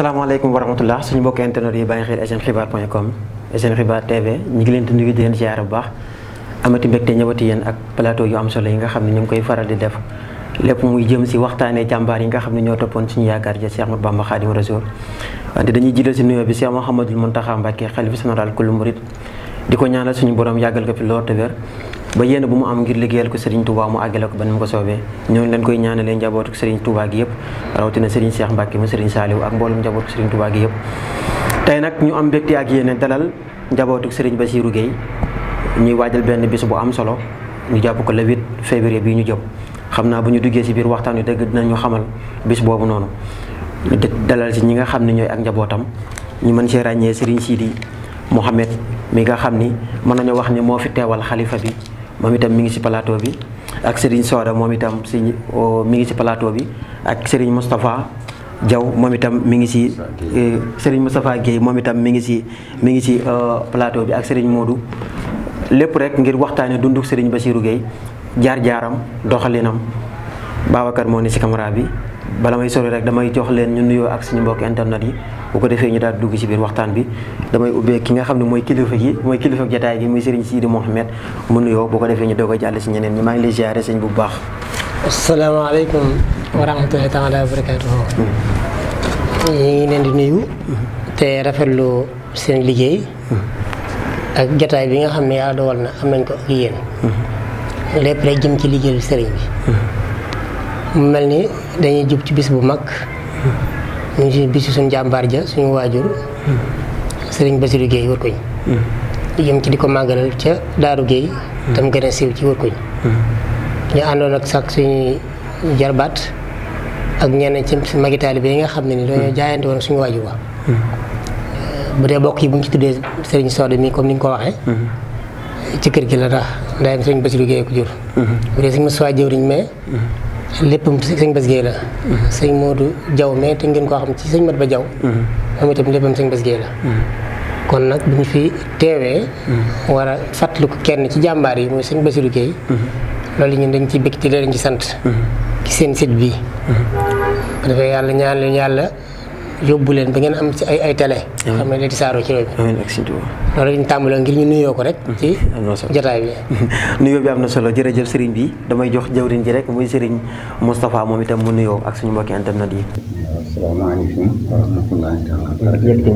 asalaamaaleykum wa rahmatullah suñu mbokki internet yi bàyyi xel sn xibaar point com sn xibaar tv ñu ngi leen di nuyu di bu baax amati mbégte ñëwati yéen ak plateau yu am solo yi nga xam ne ñu ngi koy faral di def lépp muy jëm si waxtaanee yi nga xam ne ñoo toppoon suñu yaakaar ja Cheikh Ahmadou Bamba Khadim Rassoul wante dañuy jiital si nuyoo bi Cheikh Mouhamadoul Mountakha Mbacké xalifa général kulu murid di ko ñaanal suñu borom yàggal ko fi lool te ba yéen bu mu am ngir liggéeyal ko Serigne Touba mu àggale ko ban mu ko soobee ñooñu leen koy ñaanalee njabootu Serigne Touba gi rawti na Serigne Cheikh Mbacke mu Serigne Saliou ak mboolum njabootu Serigne Touba gi yëpp. tay nak ñu am mbégte ak yéen dalal njabootu Serigne Bassirou Gueye ñuy wajjal benn bis bu am solo ñu japp ko le 8 février bi ñu jëm xamna bu ñu duggé ci biir waxtaan yu dëgg dinañu xamal bis bobu nonu dalal ci ñi nga xamni ñoy ñooy ak njabootam ñu mën ci ràññee Serigne Sidi Mohamed mi nga xamni ni mën nañu wax ni mo fi teewal khalifa bi moom itam mi ngi ci plateau bi ak Serigne Soda moom itam si mi ngi ci plateau bi ak Serigne Moustapha Diaw moom itam mi ngi ci eh, Serigne Moustapha Guèye moom itam mi ngi ci mi ngi ci euh, plateau bi ak Serigne Modou lépp rek ngir waxtaane dunduk Serigne Bassirou Guèye jaar-jaaram doxalinam Babacar moo ne ci caméra bi bala may sori rek damay jox leen ñu nuyoo ak suñu mbokk internet yi bu ko defee ñu daal dugg ci biir waxtaan bi damay ubbee ki nga xam ne mooy kilifa gi mooy kilifa jataay gi muy Serigne Sidi Mohamed mu nuyoo bu ko defee ñu doog a jàll ci ñeneen ñi maa ngi lay ziare sëñ bu baax. asalaamaaleykum wa rahmatulahi taala wa barakatuhu ñu ngi leen di nuyu te rafetlu seen liggéey ak jataay bi nga xam ne yaa na am nañ ko ak yéen lépp ci liggéeyu sëriñ bi mu mel ni dañuy jub ci bis bu mag ñu ngi ci bisu suñu jàmbaar ja suñu waajur sëriñ Basiru Géey wërkuñ ñu jëm ci di ko màggalal ca Daaru Géey tam gën a siiw ci wërkuñ ñu àndoon ak sax suñuy jarbaat ak ñenn ci magi taalibe nga xam ne ni dañoo jaayante woon suñu waajur wa bu dee bokk yi bu ñu tuddee sëriñ Soode mi comme ni nga ko waxee ci kër gi la tax ndayam sëriñ Basiru Géey ko jur bu dee suñu ma soo jëwriñ mais léppam sëñ Bass Guèye la. moo du jaw mais te ngeen koo xam ci sëñ Mat Ba Diaw. Mhm. moom itam léppam sëñ Bass Guèye la. Mhm. kon nag bu ñu fi teewee. Mhm. war a fàttaliku kenn ci jàmbaar yi mooy sëñ Bassirou Guèye. loolu ñun dañ ci bëgg te leen ci sant. ci seen sit bi. bu defee yàlla ñaan leen yàlla. yobulen pengen ba ngeen am ci ay ay télé. xam di saaro ci réew mi. amiin ak sëñ Tuuba. ñu tàmbalee ngir ñu nuyo ko rek. Mm-hmm. ci jotaay bi. nuyo bi amna solo jere jërëjëf serigne bi damay jox jawrin ji rek muy serigne Moustapha moom itam mu nuyo ak suñu mbokki internet yi. asalaamaaleykum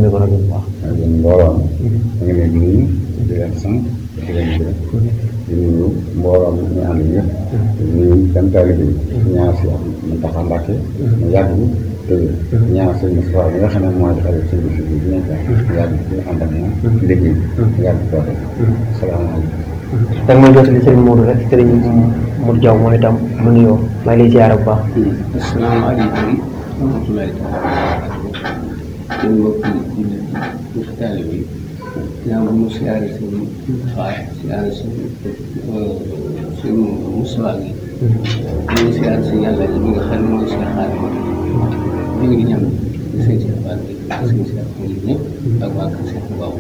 wa ko ñu ngi di te ñaanal sëñ Moustapha bi nga xam ne mooy defal sëñ bi bi dinañ ko yàgg ci ànd ak moom liggéey mm-hmm. Mm-hmm. yàgg ko def mm-hmm. salaamaaleykum da nga may jotali itam mu nuyoo maa ngi lay ziar ñu ngi siyaar si yàlla li ñu ngi ñam di sëñ Cheikh Fall sëñ Cheikh Fall ñëpp ak waa kër Cheikh Baaw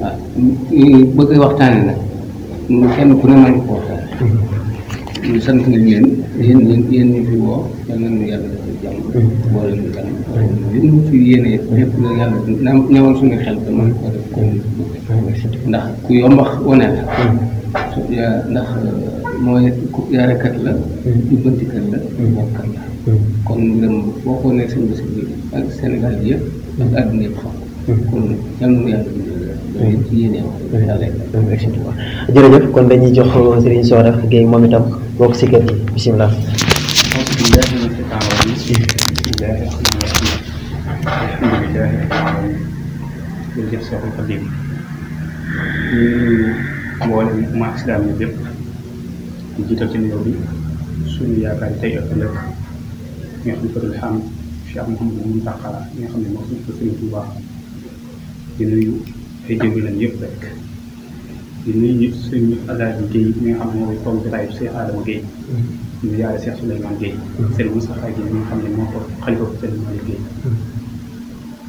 waaw ñu bëgg waxtaane ñu kenn ku ne mën ñu sant nañ leen yéen yéen yéen ñu fi woo ñu tam li ñu fi yéene lépp la suñu xel dama ko def comme ndax ku yombax wane la ya ndax mooy yarekat la jubbantikat la ñàkkal la kon ngërëm boo ko ne sëñ bés bi ak sénégal bi yëpp ak àdduna yëpp xam kon yàlla nu yàlla jërëjëf kon dañuy jox Serigne Sora Gueye moom itam bokk si kër gi bisimilah alhamdulilah mboolem ma islaam yi bépp di jiital ci nuyoo bi suñu yaakaar yi tey ak ëllëg ñoo xam ne fatul xam Cheikh Mouhamadou moo fi ko Sëriñ Géey mi nga xam ne mooy toog Géey ñu yaare Cheikh Souleymane Géey Sëriñ xam ne moo ko xalifa ko Sëriñ Malick Géey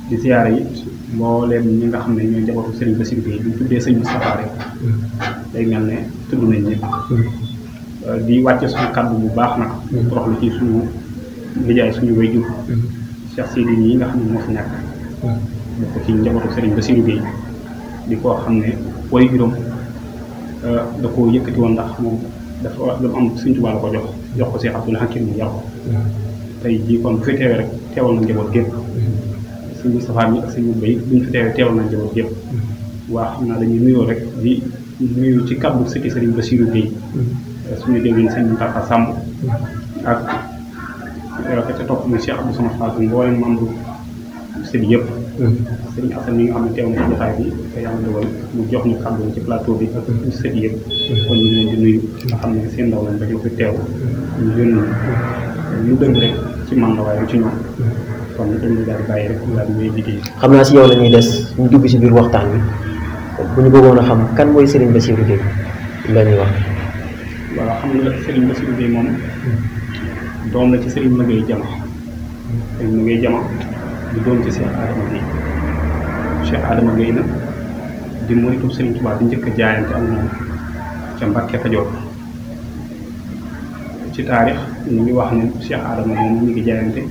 di ziyaara it mbooleem ñi nga xam ne ñooy njabootu sëriñ Bassirou Gueye bu ñu tuddee sëñ Moustapha rek mm-hmm. day mel ne tudd nañ ñëpp mm-hmm. euh, di wàcce suñu kàddu bu baax nag mm-hmm. toroxlu ci suñu nijaay suñu way jur Cheikh Sidi yi nga di koo xam ne way juróom euh, da koo yëkkati woon ndax moom dafa wax am suñ tubaab la ko jox jox ko Cheikh Abdoul Hakim mu yar ko tey jii kon bu fi teewee rek teewal na njaboot gépp sëñ Moustapha mi ak sëñ Mbaye bu ñu fi teewee teewal nañ jaboot yëpp waa xam naa dañuy nuyoo rek di nuyu ci kàddu sëti sëriñ Bassirou Gueye mm-hmm. suñu déwén sëñ Moustapha Samb mm-hmm. ak ka ca topp mu Cheikh Abdou Samad Fall mboolem membre sëñ yëpp mm-hmm. sëñ Assane mi nga xam ne teew na ci jotaay bi te ci plateau bi ak sëñ yëpp kon ñu leen di nga xam ne seen ndaw lañ dañoo fi teew ñu yónni ñu dëng rek ci man la waaye du ci ñoom kon dañuy daal di bàyyi rek ñu daal di liggéey. xam naa si yow lañuy des ñu dugg ci biir waxtaan bi bu ñu bëggoon a xam kan mooy Serigne Bassirou Gueye la ñuy wax. waaw xam nga Serigne Bassirou Gueye moom doom la ci Serigne Magueye Jama Serigne Magueye Jama di doom ci Cheikh Adama Gueye Cheikh Adama Gueye nag di muritu Serigne Touba di njëkk a jaayante ak moom ca Mbacke Kajoor ci taarix ñu ngi wax ni Cheikh Adama moom ñu ngi jaayante.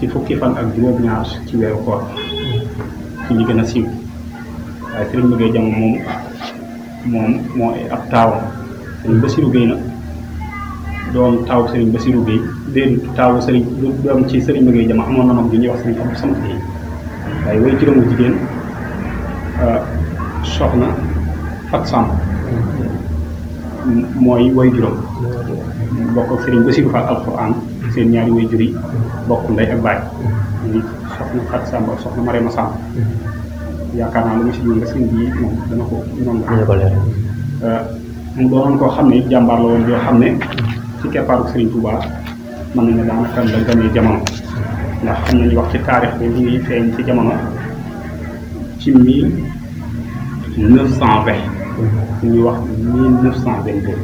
ci fukki fan ak juróom-ñaar ci weeru koor ci ñi gën a siiw waaye sëriñ Mbégué Jam moom moom moo ab taawam sëriñ Bassirou Guèye nag doom taaw sëriñ Bassirou Guèye déedéet taawu sëriñ doom ci sëriñ Mbégué Jam amoon na mag bi ñuy wax sëriñ Abdou Samad Guèye waaye way juróomu jigéen ah, soxna Fat Samb mm-hmm. mooy way juróom bokk ak sëriñ Bassirou Fall alxuraan seen ñaari way juri bokku nday ak baay ni soxna Fat Samb ak soxna Marema Samb yaakaar naa lu ma si ñëw nga seen bii moom dana ko noonu la mu doon ko xam jambar la woon yo xam ci keppaaru Serigne Touba mën daana kan la gamé jamono ndax xam nañu wax ci taarix bi ñuy ngi ci jamono ci 1920 ñu wax 1922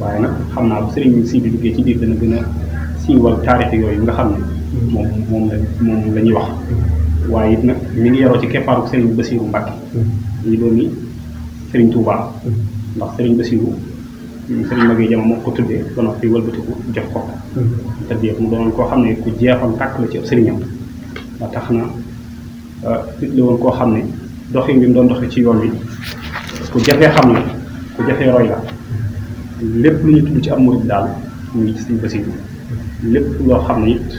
waaye nag xam naa bu Serigne Sidi duggee ci biir dana gën a signe wala yooyu nga xam ne. moom moom la ñuy wax. waaye nag mi ngi yaroo ci keppaaru Serigne Bassirou Mbacke. ñu doomi Serigne Touba. ndax Serigne Bassirou Serigne Maguette Diama moo ko jox ko. te de koo xam ne ku jeexoon tàkk la ci Serigne am ba tax na nit euh, la woon koo xam ne doxin bi mu doon doxee ci yoon wi ku jafee xam ne ku jafee roy la lépp lu ñu tudd ci am murid daal mu ngi ci Serigne Bassirou. lépp loo xam ne it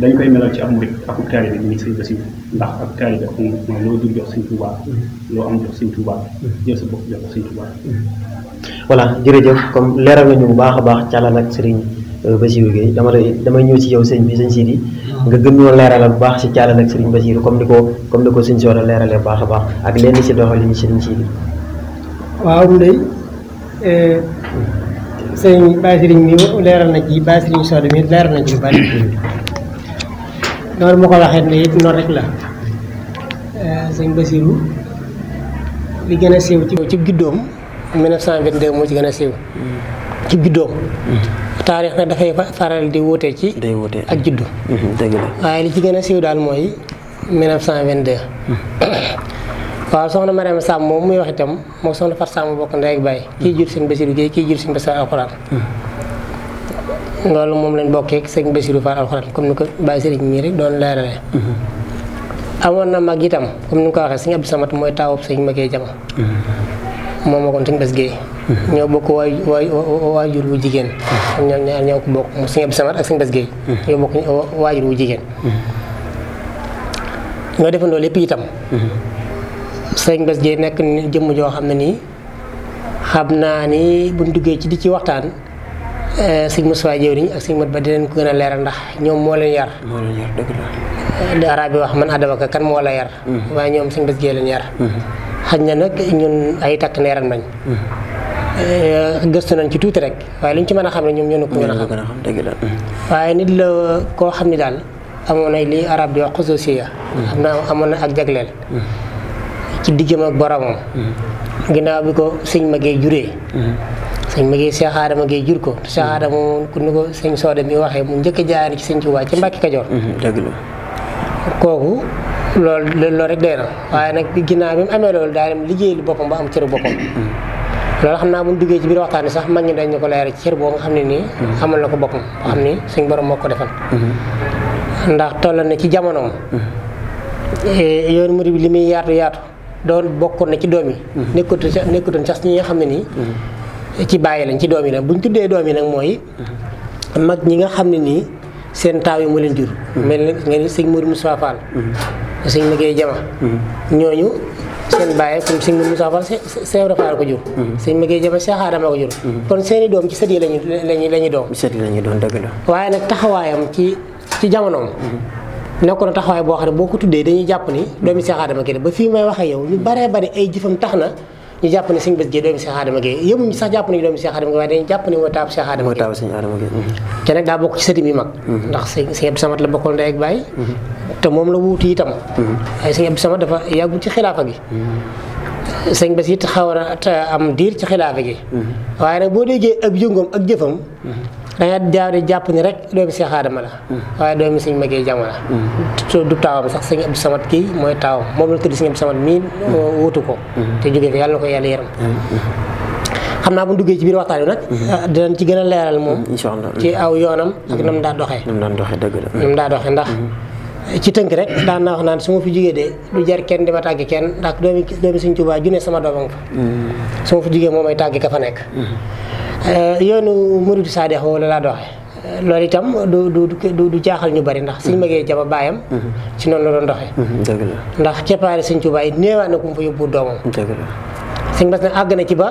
dañ koy melal ci am murit akub taalibe bi muy sëñ Basiru ndax ak taalibe ak moom mooy loo jur jox sëñ Tuubaa loo am jox sëñ Tuubaa jël sa bopp jox sëñ Tuubaa voilà jërëjëf comme leeral nañu bu baax a baax càllal ak sëriñ euh, Basiru Gueye dama damay ñëw ci yow sëñ bi sëñ Sidi nga gën ñoo leeralal bu baax ci càllal ak sëriñ Basiru comme ni ko comme ni ko sëñ Soora leeralee bu baax a baax ak lenn ci doxalin sëriñ Sidi waaw ndey euh, sëñ Bassirou mi leeral na ci Bassirou Sow mi leeral na ci lu bari noonu ma ko waxee ne it noonu rek la euh, sëñ Bassirou li gën a siiw ci ci guddoom 1922 moo ci gën a siiw ci guddoom mm-hmm. taarix nag dafay faral di wuute ci day wuute ak juddu mm-hmm. waaye li ci gën a séw daal mooy vingt 1922 mm-hmm. waaw soxna Mariama sam mom muy wax itam moom soxna far sam bokk ndey ak bay ki jur seigne Basiru gey ki jur sëñ Basiru alxuraan loolu moom lañ ak seigne Basiru far alcorane comme ni bay Baye mi rek don leerale amoon na mag itam comme ni waxe seigne Abdou Samad moy tawop seigne Magee Jama mom moo seigne bass gey Géey ñoo bokk way way wajur wu jigen am ñoom ñaar ko bokk mu Abdou Samad ak seigne bass gey ñoo bokk waajur wu jigéen ñoo defandoo lepp itam sëñ Bass Dieye nekk ni jëmm joo xam ne nii xam naa ni buñ duggee ci di ci waxtaan eh, sëñ Moussa jëwriñ ak sëñ Mat ba di dinañ ko gën a leeral ndax ñoom moo leen yar. moo leen yar dëgg eh, di arab bi wax man adabaka kan moo la yar. Mm-hmm. waaye ñoom sëñ Bass Dieye leen yar. Mm-hmm. xaj na nag ñun ay takk neeram nañ. Mm-hmm. Eh, gëstu nañ ci tuuti rek waaye li ñu ci mën a xam ne ñoom ñoo ko gën a xam. la. waaye nit la koo xam ni daal amoon na li arab di wax xususiya. xam naa amoon na ak jagleel. ci diggam ak boromam. Mm-hmm. ginnaaw bi ko sëñ Maguette juree. Mm-hmm. sëñ Maguette Cheikh Adama Gueye jur ko Cheikh mm-hmm. Adama moom ku ni ko sëñ Soode mi waxee mu njëkk a ci sëñ Tuubaa ci Mbàkke Kajoor. dëgg la kooku loolu loolu rek dee na waaye nag ginnaaw bi mu amee loolu daa dem liggéeyal boppam ba am ceru boppam. loolu xam naa bu duggee ci biir waxtaan sax mag ni dañ ñu ko leeral ci cër boobu nga xam ne nii. amal na ko boppam nga xam ni suñ borom moo ko defal. ndax toll na ci jamonoom. Eh, yoonu murid bi doon bokkoon na ci doom yi. Mhm. nekkatu sax nekkatoon sax ñi nga xam ne nii. Mhm. ci bàyyi lañ ci doom yi nag bu ñu tuddee doom yi nag mooy. Mhm. mag ñi nga xam ne nii seen taaw yi moo leen jur. mel ni nga ni sëñ mu Moussa Fall. sëñ Maguette Jama. ñooñu seen bàyyi comme sëñ Mourou Moussa Fall Seex Ibra Fall ko jur. sëñ Maguette Jama kon seeni doom ci sët yi lañu lañu lañu doom. sët yi lañu doon dëgg la. waaye nag taxawaayam ci ci jamonoom. nekkoon taxawaay boo xam ne boo ko tuddee dañuy jàpp ni doomi Cheikh Adama Gueye ba fii may wax ak yow ñu baree bari ay jëfam tax na ñu jàpp ne Sëñ Bass Gueye doomi Cheikh Adama Gueye yemuñu sax jàpp nañu doomi Cheikh Adama Gueye waaye dañuy jàpp ne mooy taabu Cheikh Adama Gueye te nag daa bokk ci sëtim yi mag mm-hmm. ndax Sëñ Abdou Samad la bokkoon ndey ak bàyyi mm-hmm. te moom la wuuti itam mm-hmm. waaye Sëñ Abdou dafa yàggul ci xilaafa gi Sëñ Bass it xaw na am diir ci xilaafa gi waaye nag boo déggee ak yëngoom ak jëfam danga jaawre jàpp ni rek doomi si xaadama la hmm. waaye doomi sëñ Maguette Diama du taawam sax sëñ Abdou kii mooy taawam moom la tudd sëñ Abdou Samad hmm. ko hmm. te jógee yàlla ko yàlla yaram xam naa bu duggee ci biir waxtaan bi nag ah, dinañ ci gën a leeral moom ci aw yoonam ak nam daa doxee nam daa doxee ndax ci tënk rek daan naa naan su ma fi jugee de du jar kenn di ma tàgg kenn ndax doomi doomi sëñ Tuubaa ju ne sama doomam fa su ma fi jugee moom mooy tàgg ka fa nekk Eh, yoonu saa dex walla laa doxee eh, loolu itam du du du jaaxal ñu bari ndax suñ mhm. magee jaba baayam mhm. ci noonu la doon doxee mhm, ndax keppaari sëñ Tuubaa yi néewaa na ku mu fa yóbbu doomam sëñ Bass nag àgg na ci ba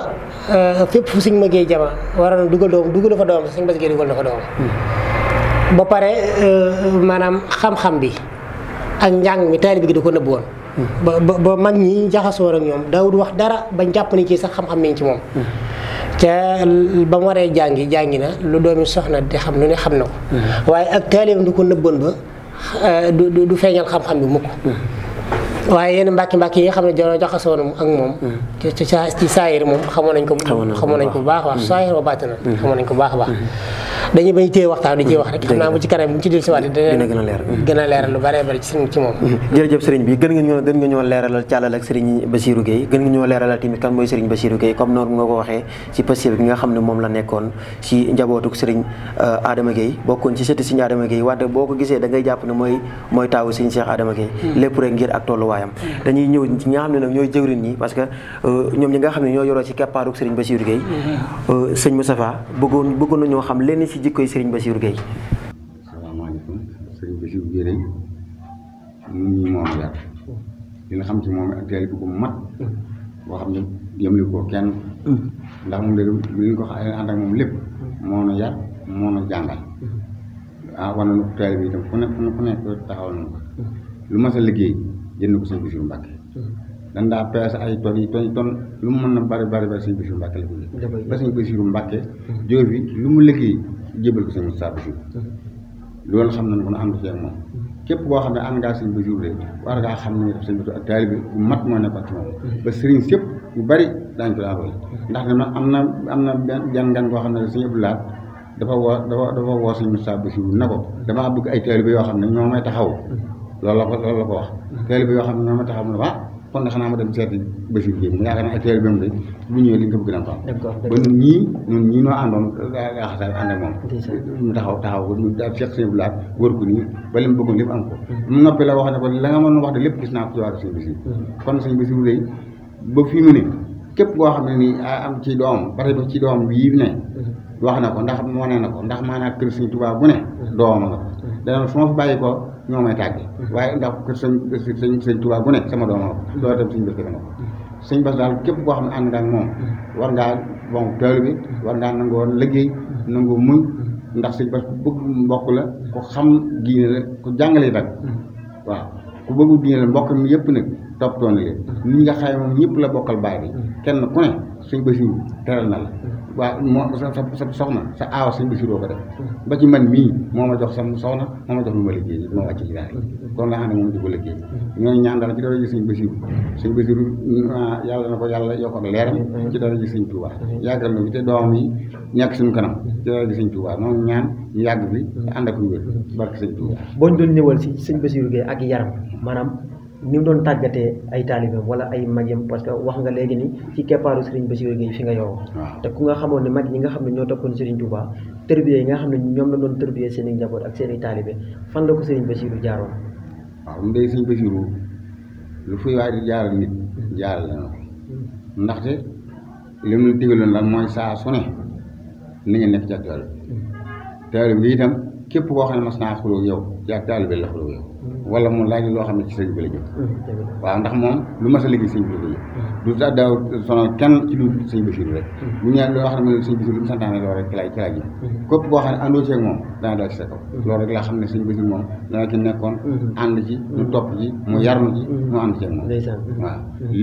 eh, fépp suñ magee jaba waroon dugal doomam dugal fa sëñ Bass Gueye dugal na fa doomam ba pare maanaam xam-xam bi ak njàng mi taalibe bi da ko nëbb woon ba ba mag ñi jaxasoo ak ñoom daawul wax dara ba jàpp ni ci sax xam-xam mi ci moom te ba mu waree jàngi jàngi na lu doomi soxna di xam lu ne xam na ko mm-hmm. waaye ak taaleem du ko nëbboon ba euh, du du feeñal xam-xam bi mukk mm-hmm. waaye yenn mbàkki mbàkki yi nga xam ne dañoo jaxasoo ak moom. Hmm. ko. xamoon nañ ko bu baax a baax hmm. saayir wa bàtt na. Hmm. xamoon wax rek. xam naa bu ci kanam a leer gën a leeral lu bëree bëri ci ci ne moom la nekkoon si njabootuk sëriñ euh, Adama Gueye bokkoon ci sëti sëriñ Adama Gueye wante boo ko gisee da ngay jàpp ne mooy mooy taawu sëriñ Cheikh Adama Gueye lépp rek ngir ak tolluwaay bayam dañuy ñew ci nga xamne nak ñoy ñooy jëwrin ñi parce que euh ñom ñi nga xamne ñoy yoro ci keppaaru Serigne Bassirou gay euh serigne Moustapha bëggoon bëggoon nañoo xam lenn ci jikko Serigne Bassirou gay assalamu alaykum Serigne Bassirou gay day ñun ñi moom yar li nga xam ci moom ak téli bu mat bo xam ne yemli ko kenn ndax mu leer li ngi ko xay and ak moom lepp mo na yaa mo na jangal a wana nu teel bi itam ku ne ku ne taxawal nu ko lu ma sa liggéey jënd ko sëñ Bassirou Mbacke dan daa sa ay ton yi ton lu mu mën na bari bari bari sëñ Bassirou Mbacke la ko ba sëñ Bassirou Mbacke jóge bi lu mu liggéey jébal ko sëñ Moustapha Bassirou loolu xam nañ ko na ànd ci ak képp koo xam ne ànd ngaa sëñ Bassirou de war ngaa xam ne sëñ Bassirou ak taalibe bu mat moo nekk ak moom mm-hmm. ba sëriñ sëpp yu bari daañu ko daa mm-hmm. ndax ne man am na am na gan gan koo xam ne sëñ Abdoulaye dafa woo dafa dafa woo sëñ Moustapha Bassirou na ko mm-hmm. damaa bëgg ay taalibe yoo xam ne ñoo may taxaw loolu la ko loolu la ko wax teel bi yoo xam ne noonu ah ma taxaw mu ne ma dem seeti Basiru Jéy mu na taxaw taxaw ko ñu daal seet suñu blaat wër ko nii ba li mu bëggoon lépp am mm-hmm. la wax ne ko la nga mën wax de lépp gis naa ko ci wàllu suñu Basiru mm-hmm. kon suñu Basiru ba fii mu ne képp koo xam ne nii am ci doom parce que ci doom bii mm-hmm. wax na ko ndax moo ne na ko ndax maanaam kër suñu tubaab bu ne doom nga dana su ma fi bàyyi ko ñoo may tàggee mm-hmm. waaye ndax kër sëñ sëñ sëñ Tuubaa bu ne sama doom ko loolu mm-hmm. tam sëñ bés mm-hmm. daal képp koo xam ne ànd nga ak moom war ngaa bon tool bi war ngaa nangoo liggéey nangoo muñ ndax sëñ bés ku bëgg mbokk la ku xam diine la ku jàngale itam waaw ku bëggu diine la mbokk mi yëpp nag toppatoo na leen ni nga xayma ñëpp la bokkal baay bi mm. kenn ku ne sëñ Basiru teral na la mm. waaw moo sa sa soxna sa aaw sañ Basiru ko def mm. ba ci man mii moo ma jox sama soxna moo ma jox lu ma liggéey ma wàcc ci daal kon laa xam ne moom di ko liggéey ñooñu ñaan dara ci ah, na ko yàlla yokk ak leeram ci dara Tuubaa yàggal na fi te doom yi ñàkk suñu kanam ci dara ji sëñ Tuubaa noonu ñaan ñu yàgg fi te ànd ak wér barke sëñ Tuubaa boo ñu doon ñëwal si sëñ Basiru Gaye ak yaram ni mu doon tàggatee ay taalibeem wala ay magam parce que wax nga léegi ni ci keppaaru Serigne Bassirou Gueye fi nga yow te ku nga xamoon ne mag ñi nga xam ne ñoo toppoon Serigne Touba tërbiyee yi nga xam ne ñoom la doon tërbiyee seen i njaboot ak seen i taalibe fan la ko sëriñ Bassirou jaaroon waaw mu dee Serigne Bassirou lu fuy waay di jaaral nit jaaral la mm-hmm. ndaxte li mu digaloon la mooy saa su ne ni nga nekk ca tool mm-hmm. taalibe bi itam képp koo xam ne mas naa xuloo yow yaa taalibe la xuloo yow wala mu laaj loo xam ne ci sëñ bi la jëm waaw ndax moom lu mas a liggéey sëñ bi la du sax daaw sonal kenn ci lu sëñ Basiru rek bu mm-hmm. ñaan loo xam ne sëñ Basiru mu santaane loolu rek ci mm-hmm. xam ne sa kaw mm-hmm. loolu rek laa xam ne sëñ Basiru moom dana ci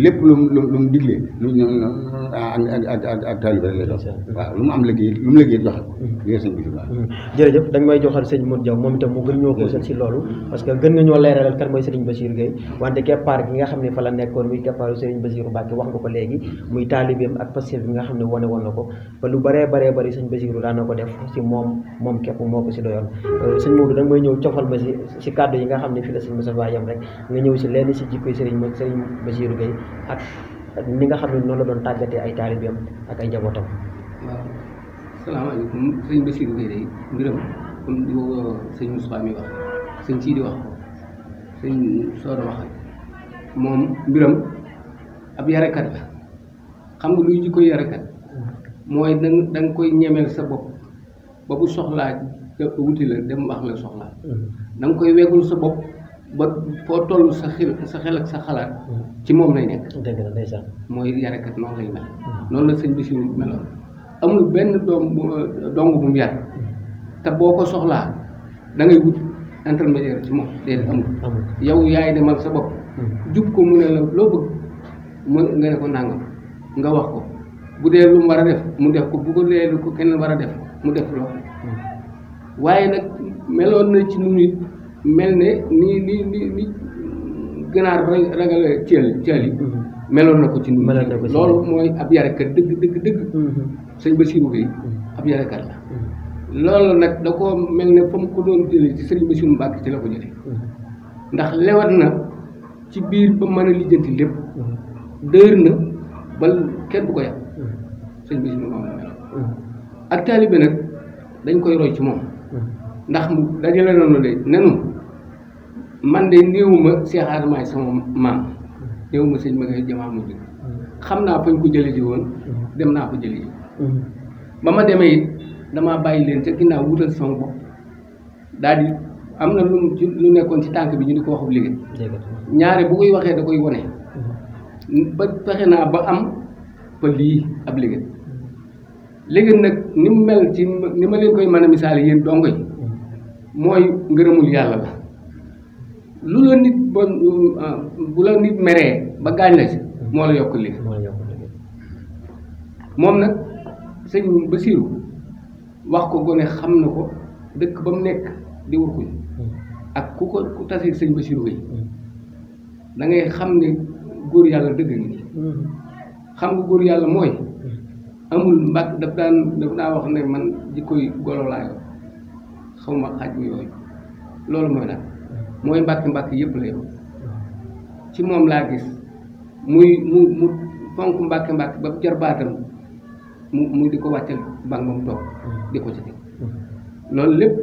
lu mu lu mu diglee lu ak ak ak taalibe mu am liggéey lu mu liggéey joxe ko liggéey sëñ Basiru waaw jërëjëf joxal sëñ Modou Diaw moom itam mu gën ñoo ko si loolu parce que gën nga ñoo leeralal kan mooy sëriñ Basiru Gaye wante keppaar gi nga xam ne fa la nekkoon muy keppaaru sëriñ Basiru Mbàkke Mbacke wax nga ko léegi muy taalibeem ak pastel bi nga xam ne wone woon na ko ba lu baree baree bari sëñ Basiru daan na ko def ci moom moom képp moo ko si doyoon euh, sëñ Moodu da nga may ñëw cofal ma si kàddu yi nga xam ne fii la sëñ Moussa Ba yam rek nga ñëw si lenn si jikkoy sëriñ sëriñ Basiru Gueye ak ni nga xam ne noonu la doon tàggatee ay taalibeem ak ay njabootam waaw salaamaaleykum sëñ Basiru Gueye day mbiram comme li ko sëñ Moussa mi wax sëñ Sidi moom mbiram ab yarakat la xam nga luy jikko yarakat mooy da da koy ñemeel sa bopp ba bu soxlaa wuti la dem wax la soxlaa mm-hmm. da nga koy wegul sa bopp ba foo toll sa xel ak sa xalaat mm-hmm. ci moom lay nekk mooy yarakat noonu lay mel mm-hmm. noonu la sëñ bi si meloon amul benn doom dong bu mu yar te boo ko soxlaa da ngay wut intermédiaire ci moom déedéet amul yow yaay demal sa bopp jub ko mu ne la loo bëgg mu nga ne ko nangam nga wax ko bu dee lu mu war a def mu def ko bu ko dee lu ko kenn war a def mu def loo waaye nag meloon na ci nu mel ni ni ni ni ganaar ragal ceel ceel yi mhm. meloon na ko ci nu loolu mooy ab yarekat dëgg dëgg dëgg mhm. sëñ Bassirou Gueye ab yarekat la mhm. loolu nag da koo mel ne fa mu ko doon jëlee ci sëriñ Bassirou Mbacke ci la ko jëlee ndax lewat na ci biir ba mën a lijjanti lépp dëër na ba kenn du ko yàq mm. sëñ bi si moom mm. ak taalibe nag dañ koy roy ci moom mm. ndax mu dajale noonu de nenu man de néewuma seexaarmaay sama maam néewuma sëñ ma ngay jamaa mujj xam naa fañ ko jële ji woon dem naa ko jële ji ba ma demee it damaa bàyyi leen ca ginnaaw wutal sama bopp di am na lu lu nekkoon ci tànk bi ñu di ko waxub liggéey ñaare bu koy waxee da koy wone ba fexe naa ba am fa lii ab liggéey léegi nag ni mu mel ci ni ma leen koy mën a misaale yéen dongo yi mooy ngërëmul yàlla la lu la nit ba bu la nit meree ba gaañ la ci moo la yokk lii moom nag sëñ Basiru wax ko gone xam na ko dëkk ba mu nekk di wurkuñ hmm. ak ku ko ku tasi sëñ Basiru yi hmm. da xam ne góor yàlla dëgg ngi mm-hmm. xam nga góor yàlla mooy mm-hmm. amul mbàkk daf daan daf daa wax ne man koy golo laa yor xaw ma xaj bu yooyu loolu mooy nag mm-hmm. mooy mbàkk mbàkk moom laa gis muy mu mu fonk mbàkk mbàkk ba jar mu mu di ko wàccal bang moom toog di ko ci teg loolu lépp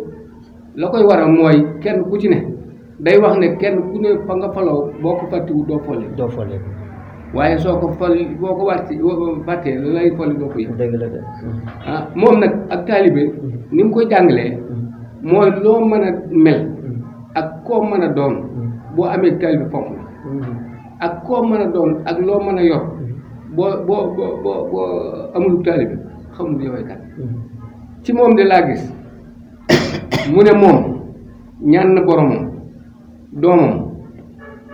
la koy waral mooy kenn ku ci ne day wax ne kenn ku ne fa nga faloo boo ko fàttiwu doo folle waaye soo ko fal boo ko wàcc fàttee la lay folle doo ko yëg ah, moom nag ak taalibe ni mu koy jàngalee mooy loo mën a mel ak koo mën a doon boo amee taalibe fonk ak koo mën a doon ak loo mën a yor boo boo boo boo amul taalibe xamul yowee kat ci moom de laa gis mu ne moom ñaan na boromam doomam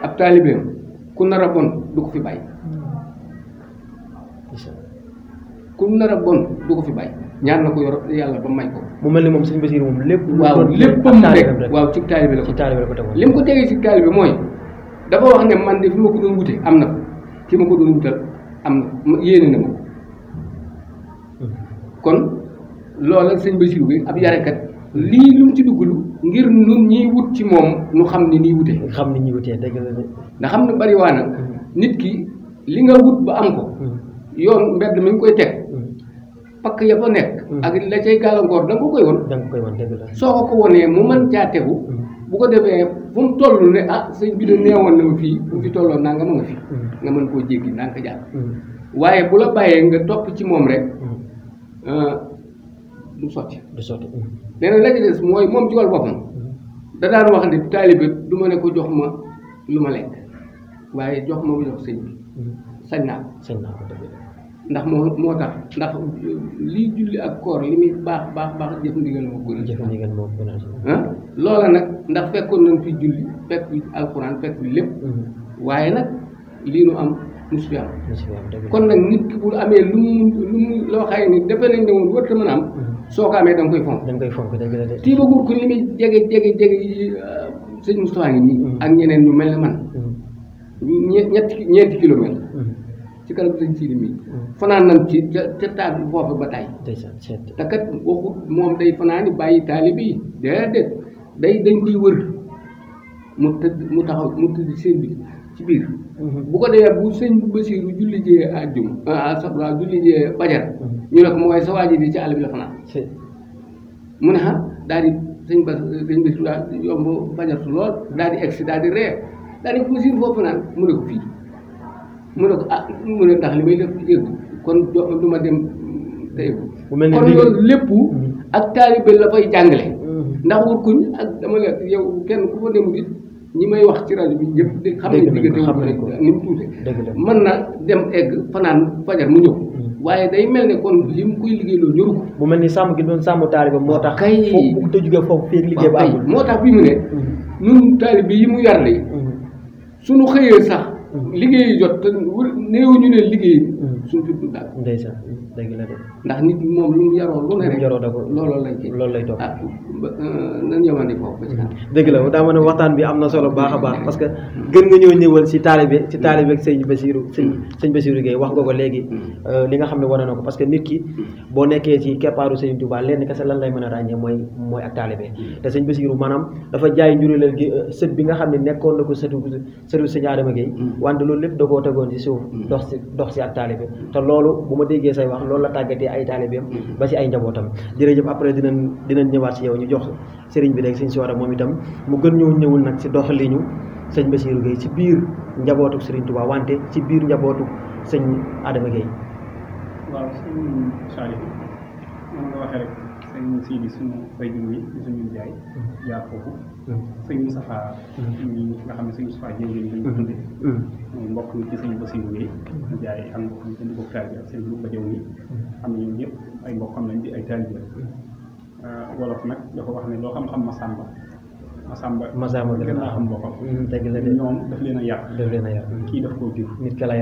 ab taalibeem ku nar a bon du ko fi bàyyi ku nar a bon du ko fi bàyyi ñaan na ko yor yàlla ba may ko. mu mel ni moom sëñ Basiir moom lépp. waaw lépp mu nekk waaw ci taalibe la ko. ci taalibe ko tegoon li mu ko tegee ci taalibe mooy dafa wax ne man de fi ma ko doon wute am na ko ma ko doon wutal am na na ma ko hmm. kon loola sëñ Basiir bi ab yarekat. lii lu mu ci duggul ngir nun ñiy wut ci moom nu xam ni nii wutee xam ni ñuy wutee dëgg la ndax xam na bari waana nit ki li nga wut ba am ko hmm. yoon mbedd mi ngi koy teg hmm. pakk ya fa nekk hmm. ak la cay gàllankoor da koy won da koy won dëgg la soo ko ko wonee mu mën caa tegu bu ko defee fu mu toll ne ah sëñ bi de neewoon na ma fii bu fi tolloon naa nga ma nga fi nga mën koo jéggi naa nga ko jàll waaye bu la bàyyee nga topp ci moom rek euh, du sotti. du sotti mm. mais nag la des mooy moom ci wàllu boppam mm-hmm. da daan wax ni taalibe du ma ne ko jox ma lu ma lekk waaye jox ma bu jox sëñ bi mm-hmm. sañ naa ko. sañ naa ko ndax moo moo tax ndax lii julli ak koor li baax baax baax jëf ndigal moo gën a. jëf ndigal moo gën a. loola nag ndax fekkoon nañ fi julli fekk fi alxuraan fekk fi lépp. Mm-hmm. waaye nag lii nu am musiba am. kon nag nit ki bu amee lu mu lu mu loo xayma ni defe nañ ne woon wërta mën a am. soo ko amee da nga koy fonk. da nga koy fonk dëgg la de. tii ba guur ku li muy jege jege jege euh, sëñ Moustapha ngi nii. Mm. ak ñeneen ñu mel ne man. Mm. ñetti ñeenti kilomètre. Mm. ci mi. fanaan nañ ci ca ca taal foofu ba tay. te kat waxut moom day fanaani bàyyi taali bi déedéet day dañ koy wër mu tëdd mu taxaw mu tëdd seen bi ci biir. Mm-hmm. bu ko defee bu sëñ Basiiru julli jee àjjum ah, sabla julli jee fajar mm-hmm. ñu ne ko mooy sa waa ji di ci àll bi la fanaan mu ne ah daa di sëñ Bas sëñ Basiiru daal yomb fajar su lool daal di egg si daal di ree daal di Basiiru foofu naan mu ne ko fii mu ne ko ah mu ne ndax li may def yëg kon du ma dem te yëg kon loolu lépp mm-hmm. ak taalibe la fay jàngale ndax wut kuñ ak dama la yow kenn ku fa demul it ñi may wax ci rajo bi yëpp de xam nañ diggante wu ni mu tuute man na dem egg fanaan fajar mu ñëw mm. waaye day mel ne kon li mu koy liggéey loolu ñoru ko bu mel ni sàmm gi doon sàmm taaliba moo tax kay foofu te jógee foofu fii liggéey ba amul moo tax bi mu ne ñun mm. taaliba yi mu yar lay mm. suñu xëyee sax liggéey jot te néew ñu ne liggéey hmm. suñ fi dugg daal. ndax nit moom lu mu yaroo lu ne rek yaroo da ko loolu lay topp ah euh, nan yemandi foofu hmm. dëgg la daa ma ne waxtaan bi am na solo baax a baax hmm. parce que gën nga ñëw ñëwal si taalibe si taalibe ak sëñ Basiru sëñ sëñ Basiru Gueye wax nga ko léegi euh, li nga xam ne wane na ko parce que nit ki boo nekkee ci keppaaru sëñ Tuubaa lenn kese lan lay mën a ràññee mooy mooy ak taalibe te sañ Basiru maanaam dafa jaay njuraleel gi euh, sët bi nga xam ne nekkoon na ko sëtu sëtu sëñ Adama Gueye wante loolu lépp da koo tegoon ci suuf mm-hmm. dox si dox si ak taalibe te loolu bu ma déggee say wax loolu la tàggatee ay taalibeem mm-hmm. ba si ay njabootam jërëjëf après dinañ dinañ ñëwaat si yow ñu jox sëriñ bi rek sëñ Soora moom itam mu gën ñëw ñëwul nag si doxaliñu sëñ Bassirou Gueye si biir njabootu sëriñ Touba wante ci biir njabootu sëñ Adama Gueye waaw sëñ Saali bi sëñ Sidi suñu bay jur yi suñu sëñ Moustapha mm-hmm. nga xam ne sëñ Moustapha jëwriñ lañ ko mm-hmm. tuddee mooy mm-hmm. mbokk ci sëñ Bassirou yi jaay am mbokk ñu jënd ko taalibe sëñ Luuba Jaw ni am ñoom ay mbokk am nañ ay taalibe ah, wolof nag dafa wax ne loo xam-xam Masamba Masamba Masamba gën naa xam mbokkam dëgg la de ñoom daf leen a daf leen a yar koo jur nit ka la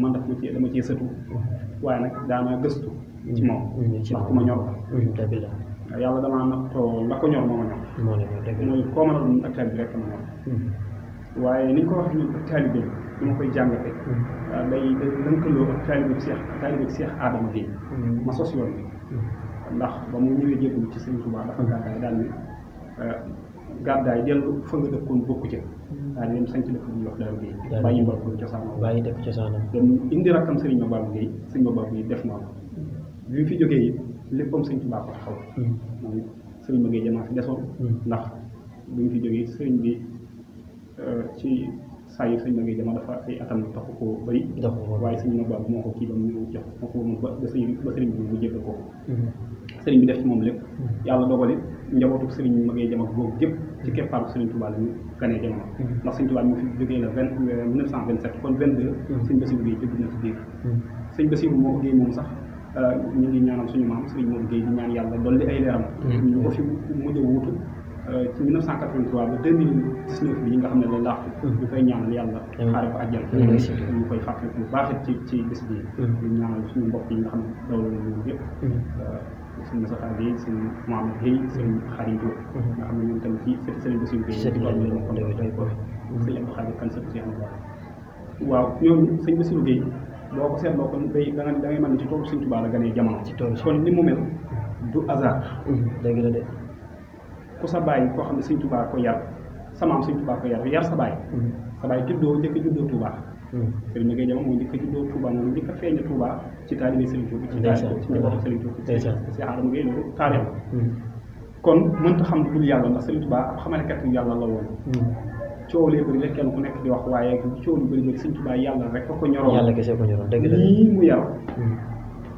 man daf ma ci dama cee sëtu waaye nag daanaa gëstu ci moom ndax ku ma ñor la yàlla damaa nattoo la ko ñor moo ma ñor. moo ñor mooy koo mën a doon ak taalibe rek ma ñor. Mm-hmm. waaye ni ko waxee nii ak taalibe koy jàngatee. Mm-hmm. Ah, day day lëkkaloo ak taalibe Seex Seex Adama mm-hmm. ma sos yoon ndax ba mu ci Sëriñ Tuubaa dafa gàddaay daal ni ah, gàddaay dellu fa nga dëkkoon bokku ca. ñuy wax Daaru Gueye. bàyyi mbal ko cosaanam. bàyyi dëkk cosaanam. dem indi rakkam Sëriñ fi jógee it léppam sëñ Tuubaa ko taxaw moom it sëriñ ma ngay jamaa fi desoon ndax bu ñu fi jógee sëriñ bi euh, ci saa yu sëñ ma ngay jamaa dafa tax ko bëri waaye sëñ ma moo ko kii ba mu ñëw jox moo ko moom ba sëriñ ba sëriñ bi mu jël ko hmm. sëriñ bi def ci moom lépp hmm. yàlla ma ngay jamaa boobu gépp ci hmm. keppaaru sëriñ Tuubaa la ñu ganee jamono ndax sëñ Tuubaa mu fi jógee le vingt mille euh, neuf cent vingt sept moo ko géey moom sax Euh, ñu ngi ñaanal suñu maam Serigne Modou Gueye di ñaan yàlla dolli ay leeram. Mm-hmm. ñu ko fi mujj a euh, ci 1983 ba 2019 bii nga xam ne la laax mm-hmm. ñu koy ñaanal yàlla mm-hmm. xaare ko àjjal ñu koy fàttali bu baax ci ci bés bi ñu ñaanal suñu mbokk yi nga xam ne daw la ñu yëpp euh, suñu Moussa Gueye suñu Mohamed Gueye suñu Xarim Diop nga xam ne ñun tamit ci sëriñ Bassirou Gueye di doon ñu ko doon ko sëriñ Abdou boo ko seetloo kon day da man mën ci toolu Sëriñ Tuubaa la gane jamono. ci toolu kon ni mu mel du hasard. léegi mm-hmm. la de ku sa bàyyi koo xam ne Sëriñ Tuubaa ko yar sa maam Sëriñ Tuubaa ko yar yar sa bàyyi. Mm-hmm. sa bàyyi juddoo njëkk juddoo Tuubaa. Mm-hmm. Sëriñ Mbacke Diama mooy njëkk juddoo Tuubaa moom njëkk a feeñ Tuubaa ci taalibe Sëriñ Tuubaa ci taalibe ci njabootu Sëriñ Tuubaa. tey saa si Adama Gueye loolu kon mënta xam dul yàlla ndax Sëriñ Tuubaa ab xamalekat yàlla la woon coow lee bëri rek kenn ku nekk di wax waaye coow lu bëri bëri Sëñ Tuubaa yàlla rek ko ñoroon yàlla kese ko ñoroon dëgg la nii mu yar hmm.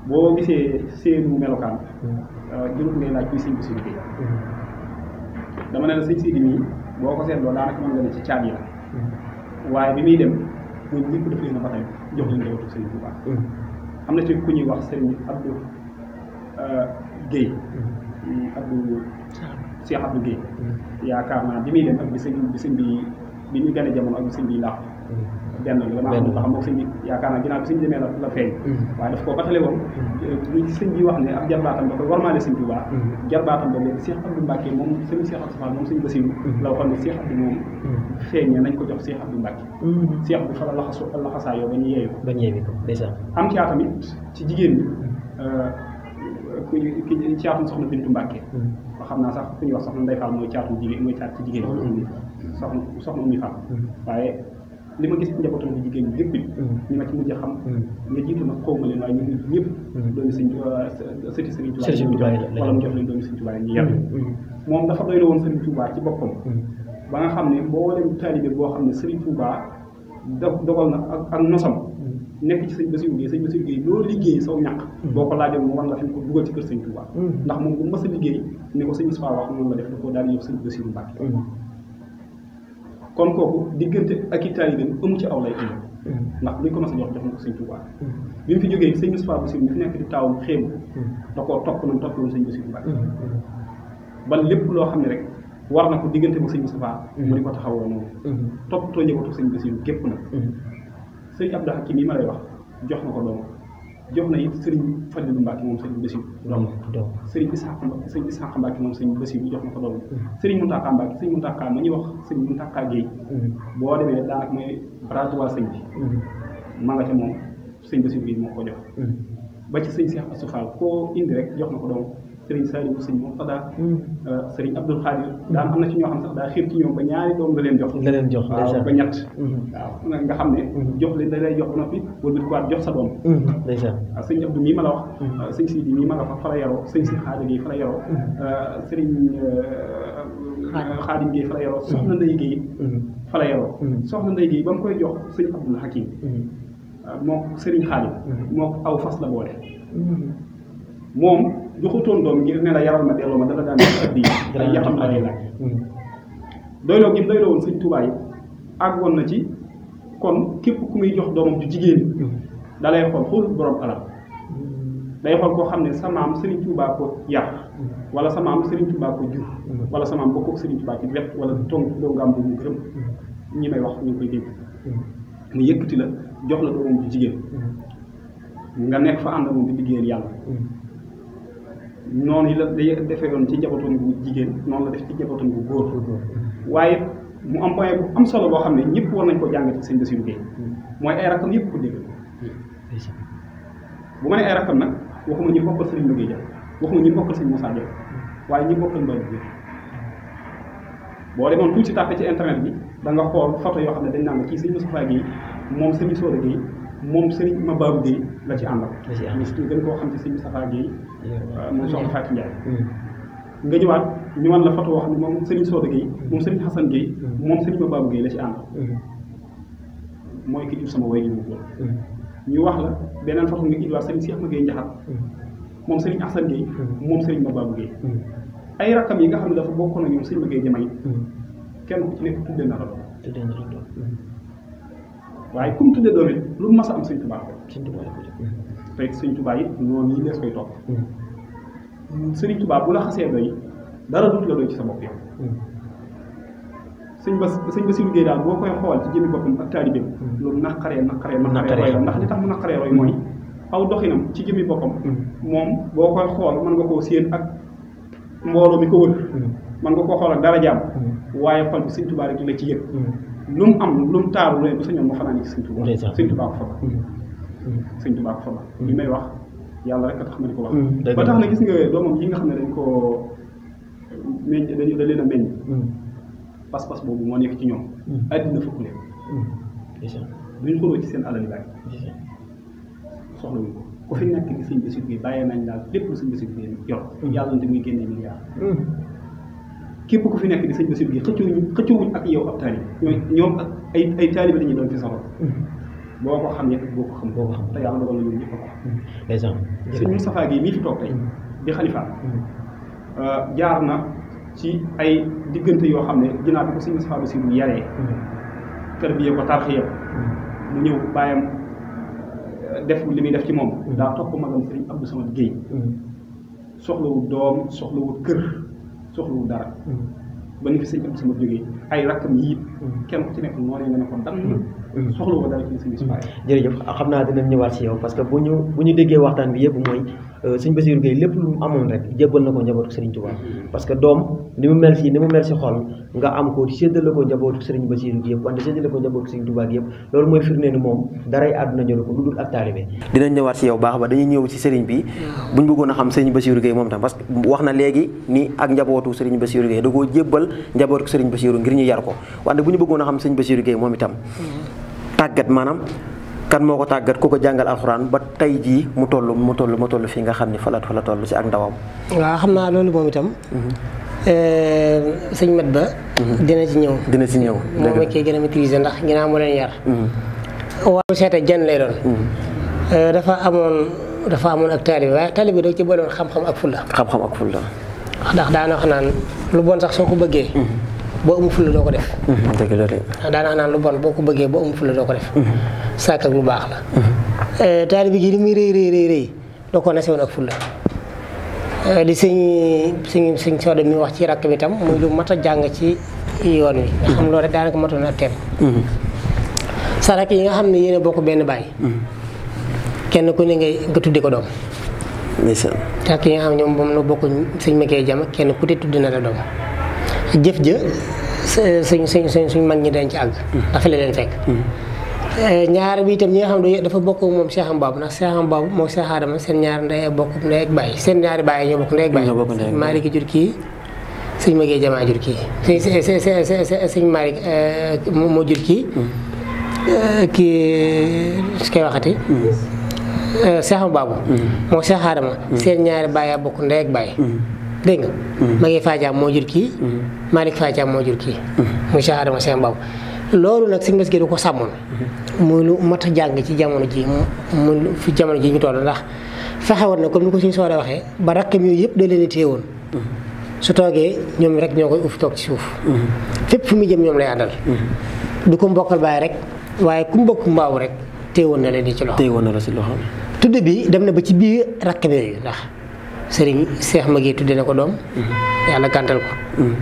boo gisee seenu melokaan hmm. euh, jurut ngay laaj kuy sëñ bi hmm. dama ne la sëñ Sidi boo ko seetloo daanaka mën nga ne ci caab yi bi muy dem moom a batale am na ci ku ñuy wax sëñ euh, Abdou Guèye Abdou Cheikh yaakaar naa bi muy dem ak bi sëñ bi bi ñu gën a jamono ak bi sëñ bi laax la damaa xam xam moom bi yaakaar naa ginnaaw bi sëñ bi demee la la feeñ mm-hmm. waaye daf koo batale woon ne ab jarbaatam da koy warmaale sëñ bi baax mm-hmm. ba léegi Cheikh Abdou Mbacke moom sëñ Cheikh Abdou Fall moom sëñ mm-hmm. nañ ko jox Cheikh Abdou Mbacke Cheikh Abdou Fall laxasu laxasaa yoo ba ñu yeeyu ko am ci tamit ci jigéen ñi euh, ku ci caatum soxna xam naa sax ku ñuy wax soxna Ndeye Fall mooy caatum jigéen mooy caat ci jigéen soxna soxna Oumy Fall mm-hmm. waaye li ma gis njabootam bi jigéen ñi lépp mm-hmm. ñi ma ci mujj xam nga mm-hmm. jiitu nag xaw ma leen waaye ñu mujj ñëpp doomi sëñ euh, euh, sëti sëriñ Tuubaa wala mu jox leen doomi sëñ Tuubaa ñu yar moom woon sëriñ Tuubaa ci boppam ba nga xam ne mboolem taalibe boo xam ne sëriñ Tuubaa da dogal na ak ak nosam nekk ci sëñ Bassirou Gueye sëñ Bassirou Gueye loo liggéey saw ñàq boo ko laajoon mu war nga fi ko dugal ci kër sëñ Tuubaa ndax moom bu mas a liggéey ne ko sëñ Moustapha wax la def da koo daal yóbbu sëñ Bassirou Mbacke kon kooku diggante ak i taalibeem amu ci aw lay indi mm-hmm. ndax luñ commencé jox jox na ko sëñ Tuubaa mm-hmm. bi mu fi jógee sëñ Moustapha Bassirou mi fi nekk di taawam xéem mm-hmm. koo topp nañ topp woon sëñ Bassirou Mbacke ba lépp loo xam ne rek war na ko diggante ba sëñ Moustapha mu di ko taxawoo noonu toppatoo njëkkatu sëñ Bassirou képp nag sëñ Abdou Hakim mi ma lay wax jox na ko doomam jox na it sëriñ Fadilou Mbacke moom sëriñ Bassirou doom la sëriñ Issakha Mbacke sëriñ Issakha Mbacke moom sëriñ Bassirou jox na ko doom sëriñ mm. Mountakha Mbacke sëriñ Mountakha ma ñuy wax sëriñ Mountakha Guèye mm. boo demee daanaka mooy bras droit sëñ bi mm. ma nga ca moom sëriñ Bassirou Guèye moo ko jox ba ci sëriñ Cheikh Assou Fall koo indi rek jox na ko doom sëriñ Saliou sëñ Mourtada hmm. euh, sëriñ Abdoul Khadir daan am na ci ñoo xam sax daa xiir ci ñoom ba ñaari doom la leen jox la jox waaw ba ñett hmm. waaw nga xam ne hmm. jox leen da lay jox ba noppi wala bit kuwaat jox sa doom ndeysaan waaw sëñ Abdou mii ma wax euh, sëñ Sidi mii ma la wax fa la yaroo sëñ si Khadim yi fa la yaroo euh, sëriñ Khadim Gueye fa la yaroo soxna Ndeye Gueye la yaroo koy jox sëñ Abdoul moo sëriñ Khadim moo aw fas la boole moom joxutoon doom ngir ne la yaral ma delloo ma dala daan addi ay yatam la lay laaj doyloo gi mu doyloo woon sëñ Tuubaa yi àggoon na ci kon képp ku muy jox doomam ju jigéen mm. da lay xool xool borom alal mm. day xool koo xam ne sa maam Serigne Touba ko yar mm. wala sa maam Serigne jur wala sa maam bokkook Serigne Touba ci wet wala tong dongam bu mu gërëm ñi may wax ñu koy dégg mu yëkkati la jox la doomam ju jigéen nga nekk fa ànd moom di liggéeyal yàlla noonu yi la day defee woon ci njabootam bu jigéen noonu la def ci njabootam bu góor waaye mu am point am solo boo xam ne ñëpp war nañ ko jàngat ci sëñ Bassirou Gueye mooy ay yëpp ko dégg bu ma nee ay rakkam nag waxuma ñu bokkal sëñ Liggéey ja waxuma ñu bokkal sëñ Moussa ja waaye ñu bokkal Mbaye boo demoon tuuti si tàppe ci internet bi da nga xool photo yoo xam ne dañ naan la kii sëñ Moustapha Gueye moom sëñ Sooda Gueye moom sëñ Mabaabu Gueye la ci àndal ñu gën koo xam ci sëñ Moustapha Gueye waaw mooy soxna Fatou Ndiaye. Hmm. nga ñëwaat ñu man la photo wax moom Serigne Soda Gueye hmm. moom Serigne Hassan Gueye hmm. moom Serigne Babou Gueye la ci ànd. mooy ki jur sama way bu góor. wax la beneen photo nga indiwaat Serigne Cheikh Gueye Ndiakhate moom Serigne Hassan Gueye moom Serigne Babou Gueye. ay rakam yi nga xam ne dafa bokkoon ak ñoom Serigne Gueye Jemay. kenn ku ci nekk tuddee na la doom. waaye ku mu tuddee doom it lu mu mas a am sëñ Tuubaa te it sëñ Tuubaa it noonu yi lees hmm. bu la xasee doy dara dut la doy ci sa bopp yow hmm. sëñ ba sëñ ba si liggéey daal boo koy xool ci jëmmi boppam ak taalibe hmm. loolu naqaree naqaree naqaree roy ndax li tax mu naqaree roy mooy aw doxinam ci jëmmi boppam moom boo koy xool mën nga koo séen ak mbooloo mi ko wër mën nga koo xool ak dara jaam waaye xol bi sëñ Tuubaa rek la ci yëg lu mu am lu mu taaru loolu bu sañoon ma fanaan ci sëñ Tuubaa sëñ Tuubaa ko faba mhm. sëñ Tuubaa ko faba mhm. li may wax yàlla rek a tax ma di ko wax mhm. ba tax na gis nga doomam yi nga xam ne dañ koo meññ dañu leen a meññ pas-pas boobu moo nekk ci ñoom àddina fukk leen duñ xuroo ci seen alal bàyyi soxla wuñ ko ku fi nekk di sëñ Bassirou bàyyee nañ daal lépp lu sëñ Bassirou bi yor yàlla te muy génnee milliard képp ku fi nekk di sëñ Bassirou gi xëccoowuñ xëccoowuñ ak yow ab taalib ñooy ñoom ak ay ay taalib dañuy doon fi solo boo ko xam ne ak boo ko xam boo ko xam te yàlla dogal na ñun ñëpp a ko xam sëñ Moustapha gi mii fi toog tey di xalifa jaar na ci ay diggante yoo xam ne ginnaaw bi ko sëñ Moustapha Bassirou yaree tarbiye ko tarxiye ko mu ñëw bàyyam def li muy def ci moom daa topp magam sëriñ Abdou Samad Guèye soxlawul doom soxlawul kër soxlawul dara. Mm. ba ni fi sëñ am sama jógee ay rakkam yi. Mm. kenn ku ci nekk noonu la nga ne ko dam Jadi, ko dara ci suñu spaay hmm. jërëjëf xam naa dinañ ñëwaat si yow parce que bu ñu bu ñu déggee waxtaan bi yëpp mooy euh, sëñ Bassirou Gueye lépp lu mu rek jébbal Serigne Touba hmm. parce que ni mu mel si ni mu mel xol nga am ko séddale ko njabootu Serigne Bassirou gi yëpp wante séddale ko njabootu Serigne Touba gi yëpp loolu mooy firnde ni moom daray àdduna jëlu ko lu ak taalibe dinañ ñëwaat si yow baax ba dañuy ñëw si Serigne bi hmm. buñ bëggoon xam Serigne Bassirou Gueye moom tam parce que wax ni ak njabootu Serigne Bassirou Gueye da koo jébbal njabootu Serigne Bassirou ngir ñu yar ko wante bu ñu xam Serigne Gueye itam tàggat maanaam kan moo ko tàggat ku ko jàngal alxuraan ba tey jii mu toll mu toll mu tollu fii nga xam ni fa la fa la toll si ak ndawam. waaw xam naa loolu moom itam. Mhm. Eh, sëñ mat ba. Mhm. dina ci ñëw. dina ci ñëw dëgg la moom la cee gën a maîtriser ndax ginnaaw moo leen yar. Mhm. wàllu seeta jën lay doon. Eh, dafa amoon dafa amoon ak taalibe waaye taalibe doo ci boole woon xam-xam ak fulla. xam-xam ak fulla. ndax daana wax naan lu bon sax soo ko bëggee. boo amul fulla doo ko def. Mhm, dëgg daanaka naan lu bon boo ko bëggee boo amul fulla doo ko def. Mhm. sàkk ak lu baax la. Mhm. Eh, taalibe gi li muy rëy rëy rëy rëy doo ko nasewoon ak fulla li eh, sëñ sëñ sëñ Soda mi wax ci rakk bi tam muy lu mat a jàng ci yoon wi. nga xam loolu rek daanaka matoon ak yi nga xam ne yéen a bokk benn baay. kenn ku ne ngay nga tudde ko doom. ndeysaan. rakk yi nga xam ne ñoom moom la bokk sëñ Maguette Jama kenn ku te tudd na la doom. jëf ja suñ suñ suñ suñ mag ñi dañ ci àgg. Mm-hmm. dafa la leen fekk. Mm-hmm. Eh, ñaar bi itam ñi nga xam ne dafa bokk moom Cheikh Am Baabu ndax Cheikh Am Baabu seen ñaar ndey bokk ndey seen ñaari baay ñoo bokk ndey ak baay. ñoo bokk ndey ak baay Malick jur kii sëñ Maguette Jamaa jur kii. sëñ sëñ sëñ sëñ moo jur kii. Mm-hmm. Eh, kii su koy waxati. Eh, Cheikh Am Baabu. seen ñaari baay bokk ndey ak baay. dégg nga. Mm-hmm. Maguette Fadiam moo jur kii. Mm-hmm. Malick Fadiam moo jur kii. Mm-hmm. mu Cheikh Adama Sène Mbaw loolu nag si Bass Gueye du ko sàmmoon. muy lu mat jàng ci jamono ji mu fi jamono ji ñu toll ndax fexe woon na comme ni ko suñu sooree waxee ba rakkam yooyu yëpp da leen a téye woon. su toogee ñoom rek ñoo koy uuf toog ci suuf. fépp fu mu jëm ñoom lay àndal. du ko mbokkal baay rek waaye ku mbokk mbaaw rek téye woon na leen di ci loxo. téye woon na la ci loxo. tudd bi dem na ba ci biir rakkam yooyu ndax. sëriñ Cheikh Maguette tudde na ko doom. Mm-hmm. yàlla gàntal ko. Mm-hmm.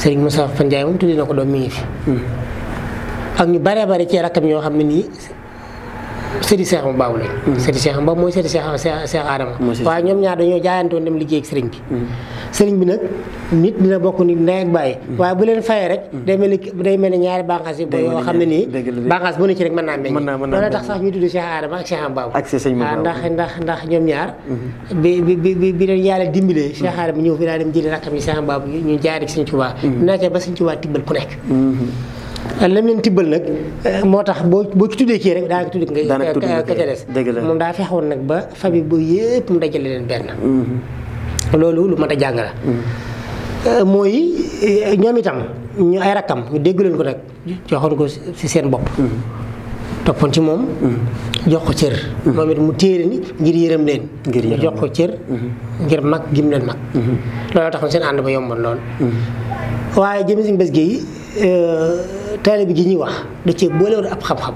sëriñ Moussa Fandiaye moom tudde na ko doom mi ngi fi. Mm-hmm. ak ñu bare bare ci rakkam ñoo xam ne nii sëriñ Cheikh Mbaw lañ. Hmm. sëriñ Cheikh Mbaw mooy sëriñ Cheikh Cheikh Adama. waaye ñoom ñaar dañoo jaayantoon dem liggéey bi. Hmm. sëriñ bi nag bokk nit ndey ak bàyyi. Hmm. bu leen fayee rek. day mel ni day mel ni ñaari bànqaas yi. day yoo xam ne nii bànqaas bu ne ci rek mën naa meññ. mën naa mën naa sax ñu tudd Cheikh Adama ak Cheikh Mbaw. ak Cheikh Mbaw ndax ndax ndax ñoom ñaar. bi ba Sëriñ tibbal ku nekk lam leen tibbal nag moo tax boo boo ci tuddee kii rek daanaka tudd nga. daanaka tudd nga ca des moom daa fexoon nag ba famille bu yëpp mu dajale leen benn. Mm-hmm. loolu lu man a jàng la. Mm-hmm. Euh, mooy euh, ñoom itam ñu ay rakkam ñu dégg leen ko nag joxoon ko ci seen bopp. Mm-hmm. toppoon ci moom. jox ko cër. moom it mu téere ni ngir yërëm leen. ngir jox ko cër. ngir mag gim leen mag. looloo taxoon seen ànd ba yomboon lool. waaye jëmi bés gi taalibi ji ñuy wax da ci boole woon ab xam-xam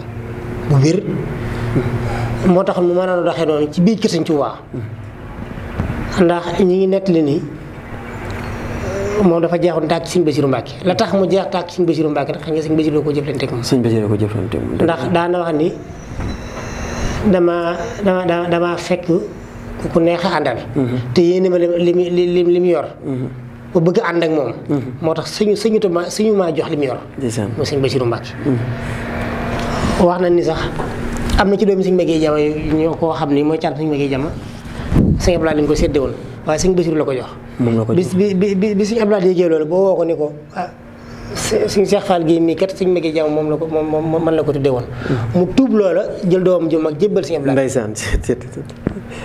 bu wér mo tax mu mënoon a doxee noonu ci biir ke señ ci wa ndax ñi ngi nettali ni mo dafa jeexon tak señ Basiru Mbàkke la tax mu jeex tak señ Basiru Mbàkke nag xam nga señ Basiru ko jëflante moom. señ Basiru ko jëflante moom. ndax na wax ni dama dama dama fekk ku ku neex andal mm-hmm. te yéen lim lim lim yor. Mm-hmm ba bëgg and ak mom motax mm-hmm. tax suñu suñu tuma suñu maa jox limi yor mo sëñ Basiru Mbàkke mm-hmm. wax na ni sax amna ci doomi sëñ Mbàkke jama ñoo koo xam ni mooy cant sëñ jama sëñ abdallah lañ ko sédde won way sëñ Basiru lako jox bis bi bi bi sëñ Abdoulaye yëgee loolu boo woo ko ni ko ah Cheikh Fall gi mi kat sëñ Mbàkke jama mom lako mom man lako ko tudde woon mm-hmm. mu tuub loola jël doom ju mag jébbal sëñ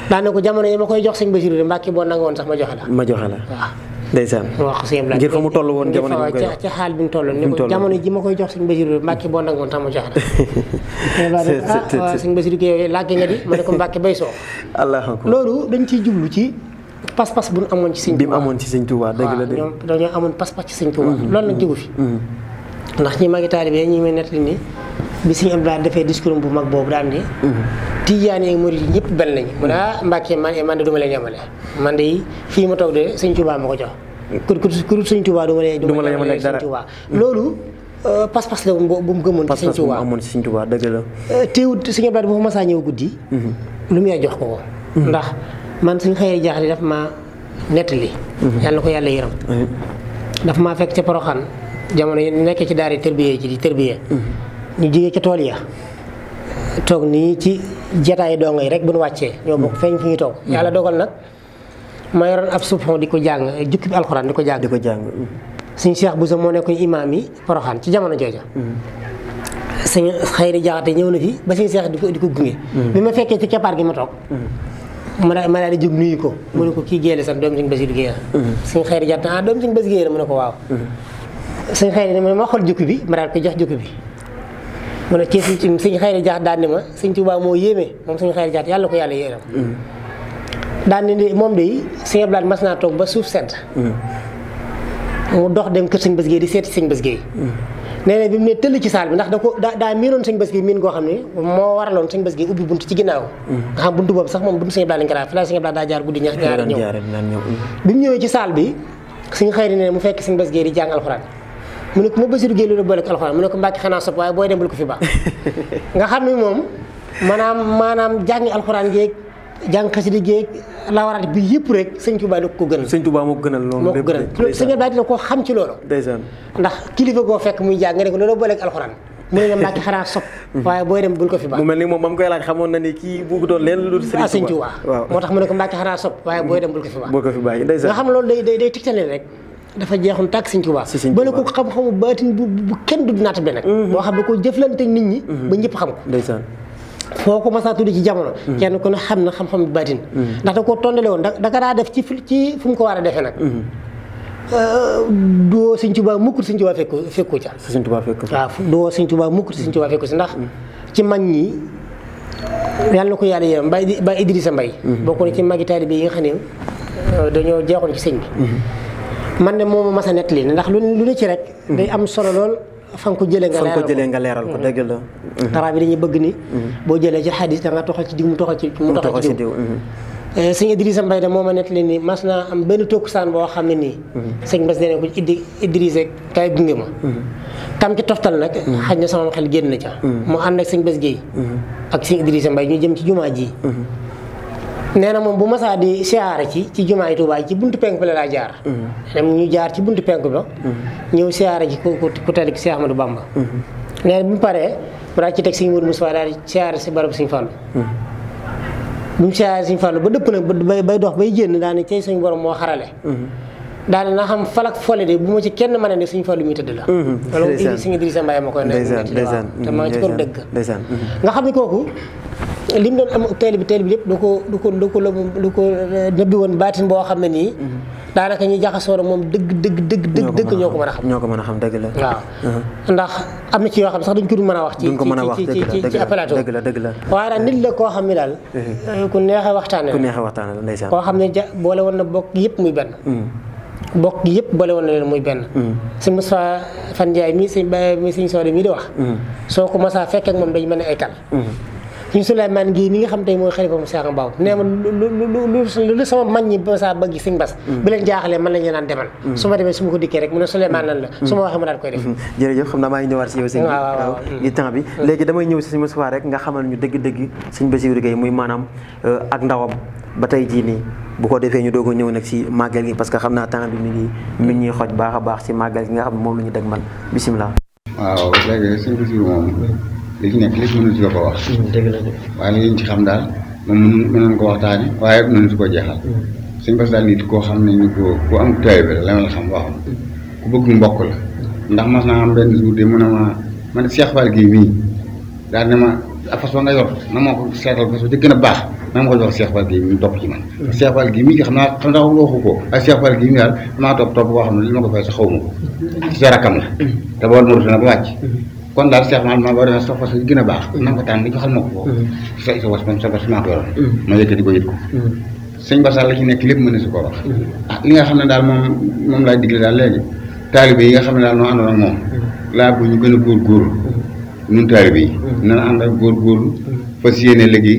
da na ko jamono yama koy jox sëñ Basiru de bo boo nangoon sax ma joxala ma joxala la ndeysaan wax fa mu toll woon jamono ji ci xaal bi mu toll ni ko jamono ji ma koy jox sëñ Basiru Mbàkke boo nangoon tam mu jox ah, loolu dañ ciy jublu ci pas-pas bu ñu amoon ci sëñ Tuubaa amoon ci sëñ Tuubaa dëgg la de amoon pas-pas ci sëñ Tuubaa mm-hmm. loolu nag jógu fi mm-hmm. Mm-hmm. ndax ñi magi taalibe ñi may nettali ni bi sëñ abdoulaye defé discours bu mag bobu daan ni mhm. tidiane ak mouride ñepp ñëpp benn lañu mu na ah man man man de duma leen yemale man day fi mu tok de seigne touba mako jox kur kur seigne touba tuubaa duma leen duma leen yemale sëñ tuubaa loolu euh, pas-pas la bu mu gëmon seigne touba tuubaa amoon ci seigne touba deug la euh, teewut sëñ abdoulaye bu ma sa ñew guddii mhm. lu mu jox ko ko mhm. ndax man seigne xeyri jaax daf ma nettali yalla ko yalla yërëm daf ma fekk ci poroxaan jamono yi nekkee ci daari tërbiye ji di tërbiye mm-hmm. ñu jigee ca tool ya toog nii ci jataayi dongo yi rek bu nu wàccee ñoo bokk feeñ fi ñu toog mm-hmm. yàlla dogal nag ma yoroon ab suppon di ko jàng jukki bi alxuraan di ko jàng ko jàng mm-hmm. suñu Cheikh Bousso moo nekkoon imaam yi Poroxaan ci jamono jooja suñu xëyri jaxate ñëw na fi ba suñu Cheikh di ko di ko bi ma fekkee ci keppaar gi ma toog ma daal ma daal di jóg nuyu ko mu ne ko kii géele sax doom suñu basi du géer suñu xëyri jaxate ah doom suñu basi géer mu ne ko waaw suñ xëy ne mu ne ma xool jukki bi ma dal ko jox jukki bi mo ne ci suñ suñ xëy jaat daan ni ma suñ Tuubaa mo yéeme moom suñ xëy jaat yalla ko yalla yéeram daan ni moom de suñu Abdou Lahad mas naa toog ba suuf sedd mu dox dem ke sëñ bés di seeti sëñ bés gi nee na bi mu ne tëll ci salle bi ndax da ko da daa miinoon sëñ bés gi miin goo xam ne moo waraloon sëñ bés gi ubbi ci ginaaw nga xam buntu bob sax mom buntu sëñ blad ngara lañ ko daal fi la sëñ Abdou Lahad jaar guddi ñaar ñëw bi mu ñëwee ci salle bi suñ xëy ne mu fekk sëñ bés gi di jàng alxuraan mu ne ko ma Basiru Géey loolu boole ak alxuraan mu ne ko xanaa sopp waaye booy dem bul ko fi baax nga xam ne moom maanaam maanaam jàngi alxuraan géeg jàng xasida géeg lawaraat bi yëpp rek sëñ Tuubaa la ko gënal sëñ Tuubaa moo loolu ndax kilifa goo fekk na ni kii bu doon leen lu dul ah, sëñ Tuubaa waaw moo day day rek dafa jeexoon tàkk Sëñ ba bala ko xam-xamu baatin bu bu kenn du naata be nag boo xam ne ko jëflante nit ñi mm-hmm. ba ñëpp xam ko ndeysaan foo ko masaa tudd ci jamono mm-hmm. kenn ku ne xam na xam-xam baatin mm-hmm. ndax da ko tondale woon da daka daa def ci ci fu mu ko war a defee nag euh, doo Sëñ Tuubaa mukkut Sëñ Tuubaa fekku fekku ca Sëñ Tuubaa fekku waaw doo Sëñ Tuubaa mukkut Sëñ Tuubaa fekku si ndax ci mag ñi yàlla na ko yàlla yërëm ba Idrissa Mbaye bokk na ci magi bi yi nga xam ne euh, dañoo jeexoon ci sëñ bi man ne moom ma sa nettali ndax lu lu ni ci rek. day am solo lool. fa ko jëlee nga leeral ko fa nga ko jëlee nga leeral ko dëgg la. Mm-hmm. tara bi dañuy bëgg ni. Mm-hmm. boo jëlee ci xadis da nga toxal ci diw mu toxal ci. mu toxal ci diw mm-hmm. eh, sëñ Idrissa de moo ma nettali ni mas naa am benn saan boo xam ne nii. sëñ Bass dene ko ci Idrissa kay gunge ma. kam ci toftal nag. xaj na sama xel génn ca. mu ànd ak sëñ Bass Guèye. ak sëñ Idrissa mbay ñu jëm ci jumaa ji. nee moom bu masaa di siyaare ci ci jumaa yi Tuubaa ci buntu penk bi laa jaar. dem mm-hmm. ñu jaar ci buntu penk ba. Mm-hmm. ñëw siyaare ji ku ku tali Seex Ahmadu Bamba. Mm-hmm. nee na bu mu paree mu daal ci teg Sëñ Mourou siyaare si barabu Sëñ Fallu. bu mu siyaare Sëñ Fallu ba dëpp nag bay dox bay jénn daane cay suñu borom moo xarale. daane na xam falak fole de bu ma ci kenn mën a ne suñu fallu muy tëdd la loolu suñu Idrissa Mbaye ma koy ne te ma ci ko dëgg nga xam kooku li mu doon am teel bi teel bi lépp da ko du ko du ko du ko eh, nëbbi woon baatin boo xam ne nii. Mhm. daanaka ñi jaxasoo na moom dëgg dëgg dëgg. dëgg dëgg ñoo ko mën a xam ñoo ko mën a xam dëgg la. waaw mhm. ndax am na ci yoo xam sax dañ ko mën a wax. duñ ko mën a wax dëgg ci ci ci dëgg la dëgg la waaye daal nit la koo xam ne daal. Mhm. Eh, ku neexee waxtaanee ku neexee waxtaanee ndeysaan. koo xam ne ja boole woon na bokk yëpp muy benn. bokk yëpp boole woon na leen muy benn. sëñ Moussa Fan Ndiaye mii sëñ Baye mii sëñ Soode mii di wax. soo ko masaa fekk ak moom dañu ne ay ekkal suñ Souleymane gii mi nga xam tey mooy xalifa mu Cheikh Mbaw nee ma lu lu sama mag ñi ba saa ba gi sëñ mm. leen jaaxalee man la ñu naan demal mm. su ma demee su ma ko dikkee rek mu ne Souleymane lan la mm. su ma waxee mm-hmm. ma si waaw léegi damay ñu dëgg-dëgg sëñ Bassirou Gueye muy maanaam euh, ba tey jii nii bu ko defee ñu doog a ñëw nag si màggal gi parce que xam naa temps bi a baax si màggal gi nga xam moom la ñu dëgmal bisimilah waaw léegi sëñ Bassirou li ci nekk lépp mënatu la ko wax. Mm, dëgg la waaye li ñu ci xam daal moom mënoon ko waxtaanee waaye mënatu ko jeexal. Mm. suñ bas daal nit koo xam ne ñu ko ku am taalibe la la xam waxam mm. ku bëgg mbokk la ndax mas naa am benn jour de mën a ma ma ne Cheikh Fall gii mii daal ma fas ba nga na ma ko seetal fas ba gën a baax na ma ko jox Cheikh Fall gii mu topp ci man. Cheikh Fall gii mii xam naa xam naa waxu ko ak Cheikh boo xam ne li ma ko fay xaw ma ko. ci sa rakam la. te bool ma rute na ba wàcc. kon daal Cheikh Maal maa war na soxla si gën a baax. Mm. na nga ko tànn ma ko. sa sa was moom sa bas ko yoroon. Mm. ma ko yëg ko. Mm. sëñ la ci nekk lépp mën na si ko wax. ah li nga xam ne daal moom moom laay digle daal léegi. taalibe yi nga xam ne daal noo àndoon ak moom. laa bu ñu gën a góorgóorlu. ñun taalibe yi. nan na ak góor fas yéene léegi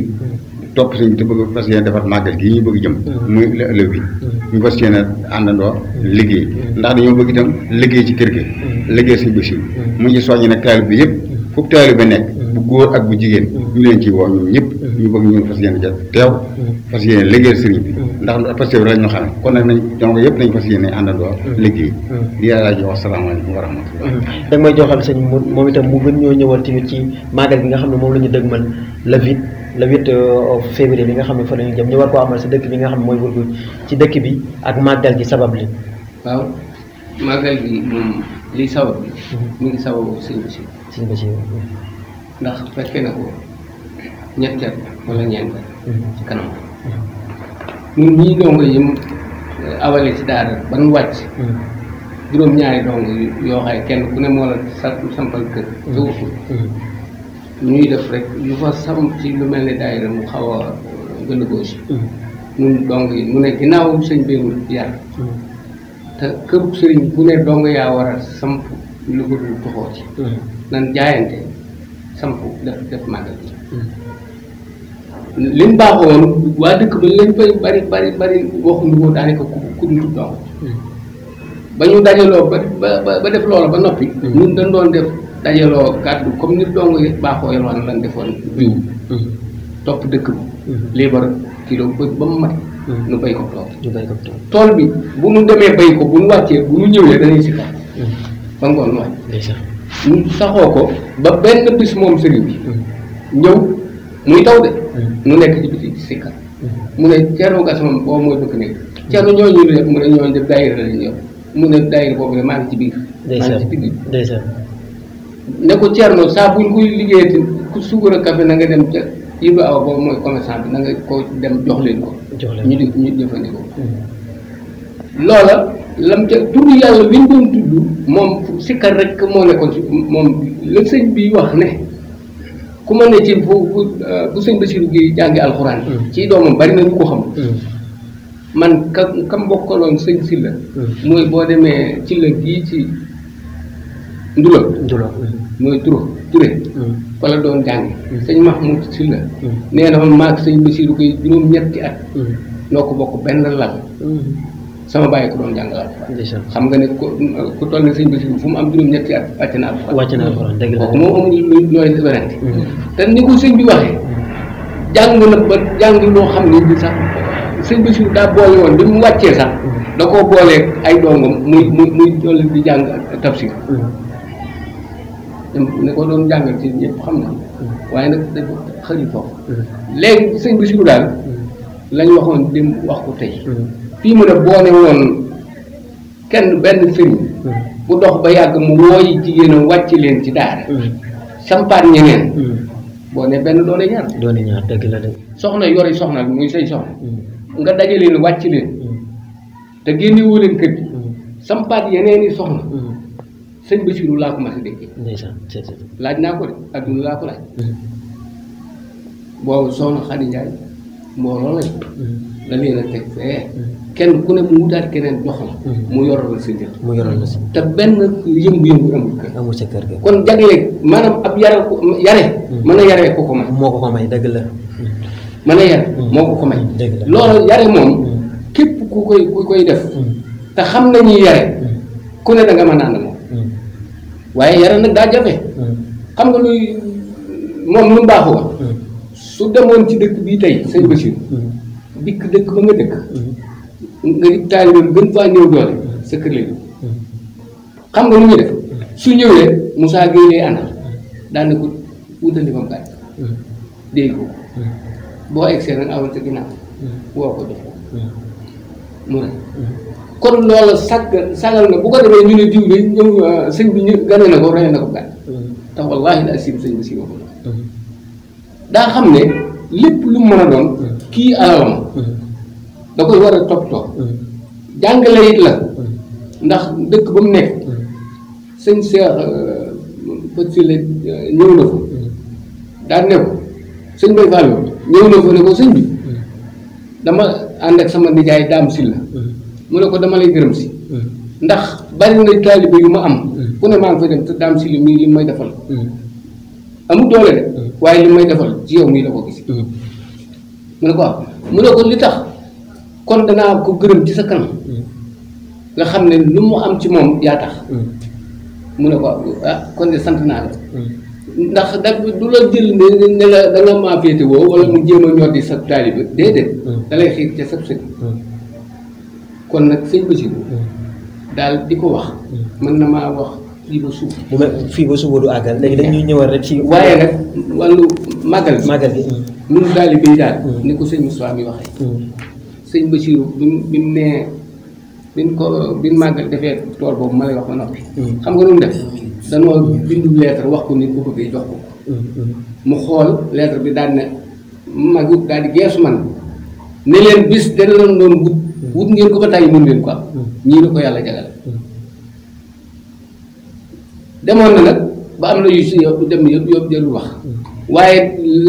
topp sëñ te bëgg fas yeen defar màggal gi ñu bëgg jëm. muy ëllëg bi. ñu fas yéene àndandoo liggéey ndax dañoo bëgg itam liggéey ci kër gi liggéey suñu si mu ñu soññi nag taalib bi yëpp foofu taalib bi nekk bu góor ak bu jigéen ñu leen ci woo ñun ñëpp ñu bëgg ñu fas yéene jot teew fas yéene liggéey sëriñ bi ndax pastéef lañ ñu xam kon nag nañ donc yëpp nañ fas yéene àndandoo liggéey li yàlla jox asalaamaaleykum wa rahmatullah dag may joxal sëñ moom itam mu gën ñoo ñëwal tamit ci màggal gi nga xam ne moom lañu ñu dëgmal la vite le 8 euh, février bi nga xam ne fa la ñu jëm ñu war koo amal si dëkk bi nga xam ne mooy Bour Gueweul ci dëkk bi ak màggal gi sabab li waaw màggal gi moom li sabab bi mu mhm. ngi sababu sëñ Bachir sëñ Bachir ndax fekke na ko ñetti at wala ñeent mhm. ci kanam mhm. ñun ñii dongo yi mu eh, awale ci daara ban wàcc juróom-ñaari dongo yoo xay kenn ku ne moo la sa sampal kër. ñuy def rek lu fa sam ci lu mel ne daayira mu xaw a gën ñun mm-hmm. dong yi mu ne ginnaaw sëñ béegul yar mm-hmm. te kër sëriñ bu ne dong yaa war a samp lu ko dul toxoo ci mm-hmm. nan jaayante samp def def màggal bi li baaxoon waa dëkk ba lañ fay bari bari bari waxuñu ko daanaka ku ku dul dong ba ñu dajaloo ba ba ba def loola ba noppi ñun dañ doon def dajaloo kàddu comme ni dong yi baaxoo yalwaan lan defoon jiw hmm. topp dëkk bi hmm. liibar kilo ba ba mu mat nu hmm. béy ko tool tool bi bu nu demee bay ko bu nu wàccee bu nu ñëwee dañuy si ba ngoon nu wàcc ñu saxoo ko ba benn bis moom sëriñ bi ñëw muy taw de nu nekk ci biti si mu ne Thierno Gassama boobu mooy bëgg nekk Thierno ñooñu def mu ne ñooñu def daayira lañu mu ne daayira boobu maa ngi ci biir maa ngi ci biir ne ko Thierno saa buñ kuy liggéeyati ku suukar ak café na nga dem ca Iba Awa boobu mooy commerçant bi na nga ko dem jox leen ko. ñu di ñu jëfandikoo. loola lam ca tudd yàlla bi ñu tudd moom sikkar rek moo nekkoon moom la sëñ bi wax ne ku ma ne ci bu bu euh, sëñ Bassirou Guèye jàngi alxuraan. Mm. ci doomam bari na ñu ko xam. Mm. man ka ka bokkaloon sëñ Sylla. Mm. mooy boo demee ci la gii ci. Ndula. Ndula mooy Touré Touré. Hmm. fa la doon jàngi. Hmm. sëñ Mahmoud Sylla. ma hmm. maag sëñ Basiiru koy juróom-ñetti at. noo ko bokk benn lal. nga ne ku ku toll ne sëñ Basiiru fu mu am juróom-ñetti at wàcc na alxuraan. wàcc na alxuraan dëgg la kooku moom ko sëñ bi waxee. jàng nag ba jàng loo xam ne bi sax sëñ Basiiru daa boole woon bi mu wàccee sax. da koo ay dongam muy muy dolli di jàng tafsir. ne ko doon jàngal ci ñëpp xam na mm-hmm. waaye nag dafa xëjul foofu mm-hmm. léegi sëñ Bassirou daal mm-hmm. lañ waxoon dim wax ko tey fii mu ne boo ne woon kenn benn sëriñ bu dox ba yàgg mu wooyi jigéenam wàcc leen ci daara sampaat ñeneen boo ne benn doone ñaar doone dëgg la dëgg soxna yore soxna muy say soxna nga daje leen wàcc leen te génne woo leen kër gi sampaat yeneen i soxna sëñ Basiru laa ko mas a déggee. laaj naa ko de adduna laa ko laaj. Mm-hmm. boobu soxna Xadi mbooloo lañ. Mm-hmm. la leen a teg fee. Mm-hmm. kenn ku ne mu wutaat keneen jox la. mu yoral la sa njël. mu yoral la sa te benn yëngu-yëngu amul kër. amul sa kër ga kon jagleel maanaam ab yare yare. mën a yaree ko moo ko ko may dëgg la. mën a yare moo ko ko may. loolu yare moom. képp ku koy ku koy def. te xam nañuy yare ku ne da nga mën a waaye yaram nag daa jafe. Hmm. xam nga luy moom lu mu baaxoo. Hmm. su demoon ci dëkk bii tey sëñ Bachir. Hmm. dikk dëkk ba nga dëkk. nga taalibeem gën faa néew doole sa kër la xam nga lu ñuy def su ñëwee Moussa Gueye lay àndal daan na ko wutandi ba mu bàyyi. dégg boo egg see nag awal sa ko jox ko kon loola sag sagal na bu ko defee ñu ne diw bi ñoom euh, sëñ bi ñu gane na ko rey na ko gàtt mhm. tax wallaahi la asim sëñ bi si waxu mhm. daa xam ne lépp lu mën a doon mhm. kii alalam da koy war a toppatoo jàngale it la ndax dëkk ba mu nekk sëñ Seex Fatsile euh, euh, ñëw na ko daan ne ko sëñ Bay ñëw na ko ne bi dama ànd ak sama nijaay daam si la mu ne ko dama lay gërëm si mm. ndax bari na taalibe yu ma am fu mm. ne maa ngi fay dem te daam si li muy li may defal mm. amu doole de waaye li may defal ci yow mii la ko gis mu ne ko waaw mu ne ko li tax kon danaa ko gërëm ci sa kanam nga xam ne lu mu am ci moom yaa tax mu ne ko ah kon ne sant naa la ndax da du la jël ne ne la da nga maa féete woo wala mu jéem a di sa taalibe déedéet da lay xiir ca sab sët kon nag sëñ Basiru mm. daal di ko wax mm. mën na maa wax fii ba suuf fii ba suuf du àggal léegi dañuy ñëwal rek ci waaye nag wàllu màggal màggal gi ñun daal di mm. béy ni ko sëñ Moussa mi waxee sëñ Basiru bi mu nee biñ ko biñ màggal defee tool boobu ma lay wax ba noppi xam nga noonu def danoo bindu lettre wax ku ni ko bëggee jox ko mu xool lettre bi daal ne ma daal di geesu man ne leen bis dana leen doon gudd wut ngeen ko ba tàyyi mën leen ko am mm. ñii la ko yàlla jagal demoon na nag ba am na yu si yëpp dem yëpp yëpp jëlul wax mm. waaye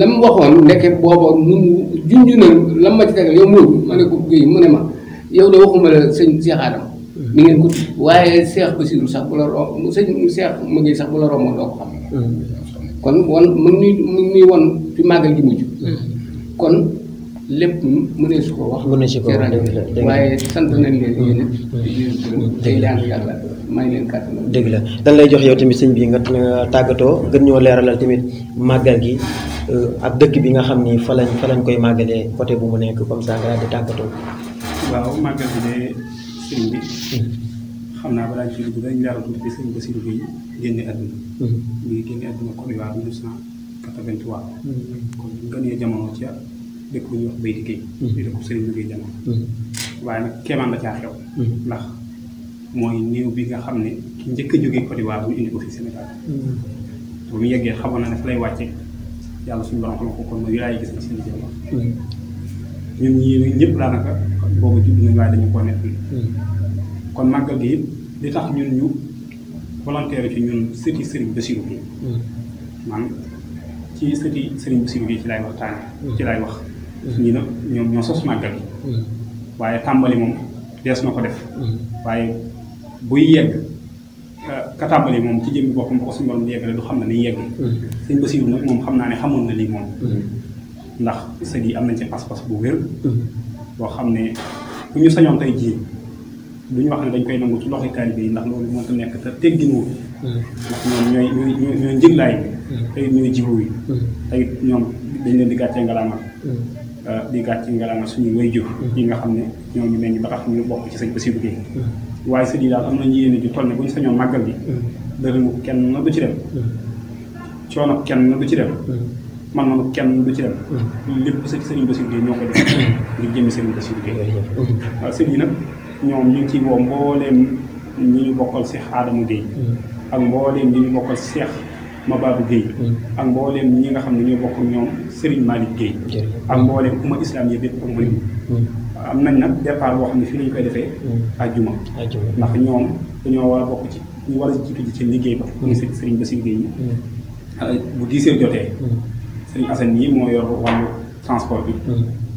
lam waxoon nekke booba mun junju na lam ma ci tegal yow moobu ma ne ko Guèye mu ne ma yow de waxuma la sëñ Cheikh Adama mm. ngeen ko tudd waaye Cheikh Bassirou sax bu la romb sëñ Cheikh mu ngi sax bu la romb mu ngi mu ngi won fi màggal gi kon lépp mënee su ko wax. a su ko wax waaye sant nañ leen yéen it. Mm. la yàlla may leen kàttan. dëgg la dañ lay jox yow tamit sëñ bi nga tàggatoo gën ñoo leeralal tamit màggal gi euh, ak dëkk bi nga xam ni fa lañ fa lañ koy màggalee côté bu mu nekk comme ça nga di tàggatoo. waaw màggal bi de sëñ bi. Mm. xam naa balaa ci dugg dañ leeral tuuti bi sëñ bi génne àdduna. Mm. mu génne àdduna comme waaw 1983. kon gënee jamono ci dëkk bu ñuy wax Bayti Gueye. Mm-hmm. di dëkk Serigne Gueye jàng. Mm-hmm. waaye nag la caa xew. Mm-hmm. ndax mooy néew bi nga xam ne ki njëkk jóge jógee Côte d'Ivoire bu indi ko fi Sénégal. bu mu yeggee xamoon na fa lay wàcce yàlla suñ borom xam ko kon mooy wilaay gis ñëpp daanaka boobu dañu ko nekk. kon màggal li tax ñun ñu volontaire ci ñun sëti Serigne Bassirou Gueye. man ci sëti Serigne Bassirou Gueye ci laay waxtaanee. ci laay wax. ñi na ñoom ñoo sos màggal waaye moom dees ko def waaye buy yegg eh, ka tàmbali moom ci jëmmi boppam ko suñu borom xam ne ni yegg sëñ Basiru nag moom xam naa ne xamoon na lii moom ndax yi am nañ ci pas bu wér boo xam ne bu sañoon tey jii du wax ne dañ koy nangu ci loxo taalibe ndax loolu mënta nekk te tegginuwul ndax ñoom ñooy ñooy njëglaay bi ñooy jiwu yi tey ñoom dañ leen di gàccee ngalaama Euh, di gàcc ngalaama suñu wayjur mhm. yi nga xam ne ñoo ñu mel ni ba tax ñu bokk ci sëñ Bassirou Gueye mhm. waaye sëñ yi daal am nañu yéene di toll ne bu ñu sañoo màggal bi mhm. dërëmu kenn na du ci dem coono kenn na du ci dem man man kenn du ci dem lépp sëñ sëñ Bassirou Gueye ñoo ko def ngir jëmmi sëñ Bassirou Gueye waaw sëñ yi nag ñoom ñu ngi ciy woo mbooleem ñi ñu bokkal Cheikh Adama Gueye ak mbooleem ñi ñu bokkal Cheikh Mababou Guèye mm. ak mbooleem ñi nga xam ne ñoo bokk ñoom Serigne Malick Guèye ak mbooleem umma islam yi bépp umma yi am nañ nag départ boo xam ne fii lañ koy defee mm. ajjuma ndax ñoom dañoo war a bokk ci ñu war a jiitu ci liggéey ba mm. muy Serigne Bassirou Guèye euh, bu diisee jotee Serigne Assane yi moo yor wàllu transport bi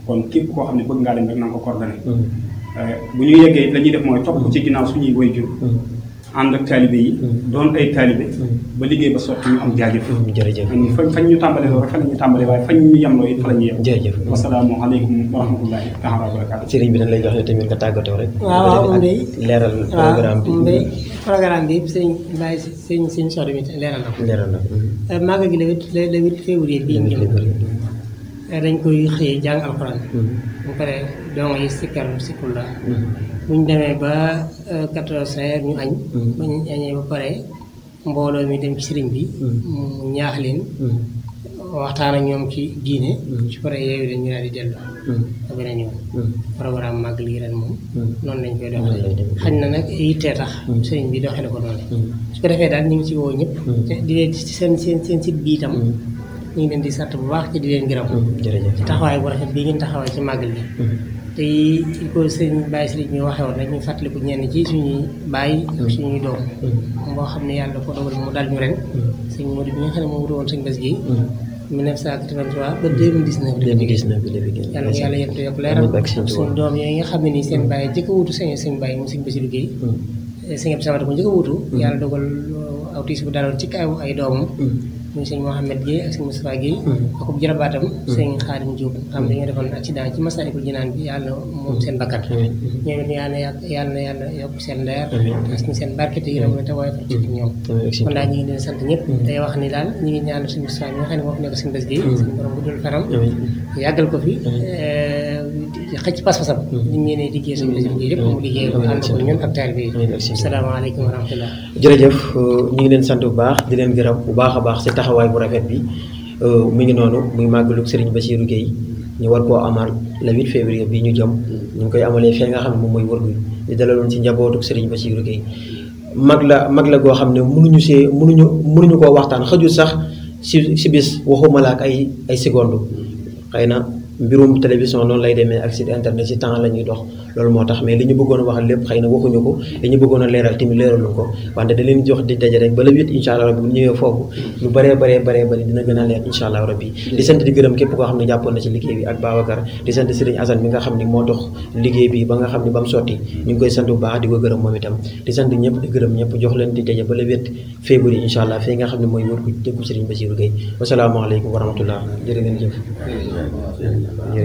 kon képp koo xam ne bëgg ngaa dem rek na nga ko coordonné euh, bu ñu yeggee it def mooy topp ci ginnaaw suñuy way jur ànd ak taalibe yi. doon ay taalibe. ba liggéey ba sotti ñu am jaajëf. Mm, jërëjëf fañ fañ ñu tàmbalee loolu fa la ñu tàmbalee waaye fañ ñu yemloo it fa la ñu yem. jërëjëf wasalaamaaleykum wa rahmatullahi taala wa barakaatu. sëriñ bi dañ lay jox ne tamit nga tàggatoo rek. waaw waaw Mbaye leeral programme bi Mbaye programme bi sëriñ Mbaye sëriñ sëriñ Soxna bi leeral na ko. leeral na ko. Mm. Euh, màggal gi le huit le huit février bii ñu ñëw euh, dañ koy xëyee jàng alxuraan mm. bu paree doom yi sikkar sikkul la bu ñu demee ba euh, quatorze heures ñu añ mm-hmm. bu ñu añee ba pare mboolool mi dem ci sëriñ bi mm-hmm. mu ñaax leen mm-hmm. waxtaan ak ñoom ci diine su paree yeewu leen ñu daal di delloo ak beneen yoon mag lii ren moom noonu lañ koy doxee xañ na nag yittee tax sëriñ bi doxee na ko noonu su ko defee daal ñu ngi ci woo ñëpp di leen ci seen seen seen site bi itam ñu ngi leen di sant bu baax ci di leen gërëm ci taxawaay bu rafet bii ngeen taxawaay ci màggal bi te ci ko sëñ Baye Serigne ñu waxee woon rek ñu bu ñenn ci suñuy bàyyi ak suñuy doom boo mm-hmm. xam ne yàlla ko dogal mu dal ñu ren mm-hmm. sëñ bi nga xam ne moo wutu woon sëñ Bass Guèye 1983 mm-hmm. ba 2019 2019 yàlla yàlla yëpp yokk leeral suñu doom yooyu nga xam ne nii seen bàyyi jëkk a wutu sëñ seen bàyyi mu sëñ Bassirou Guèye eh, sëñ Abdou Samad ko njëkk a wutu yàlla dogal uh, autisme bu daloon ci kaw ay doomam muy sëñ Mouhamed Guèye ak sëñ Moustapha Guèye hmm. ak ub jërabaatam hmm. sëñ Xaadim Diop xam ne ñoo defoon accident ci Masaalikul Jinaan bi yàlla moom seen bakkan hmm. ñoom it yàlla yàlla na yàlla yokk seen leer tas ñu seen barke te yërëm ne te waaye fa ci ñoom kon daal ñu ngi leen sant ñëpp tey wax ni daal ñu ngi ñaanal sëñ Moustapha mi nga xam ne moo fi nekk sëñ Bas Guèye sëñ borom bu dul faram yàggal ko fi eh, xëcc pas-pasam. Mm-hmm. ni mu yéenee liggéey suñu région mm-hmm. liggéey ko mm-hmm. ànd ko ñun ak taalibe yi. salaamaaleykum wa jërëjëf uh, ñu ngi leen sant bu baax di leen garab bu baax a baax si taxawaay bu rafet bi uh, mu ngi noonu muy sëriñ ba siiru Gueye ñu war koo amal le 8 février bii ñu jëm ñu ngi koy amalee fee nga xam ne moom mooy wërgu di dalaloon si njabootu ba Bassirou Gueye mag la mag la goo xam ne mënuñu see mënuñu mënuñu koo waxtaan xëjul sax si si bis waxumala ak ay ay seconde na mbirum télévision noonu lay demee ak site internet ci temps la ñuy dox loolu moo tax mais li ñu bëggoon a lépp xëy na waxuñu ko li ñu bëggoon a leeral tamit leeraluñ ko wante da leen jox di daje rek ba le huit allah rabbi lu bëree bëree bëree bëri dina gën a leer incha allah rabbi di sant di gërëm képp koo xam ne jàppoon na ci liggéey bi ak Babacar di nga xam ne moo dox liggéey bi ba nga xam ne ba mu sotti ñu ngi ko gërëm moom itam di sant ñëpp di gërëm ñëpp jox leen di daje ba le huit février incha allah xam ne mooy wër ku dëkku Serigne Bassirou Gueye wasalaamaaleykum wa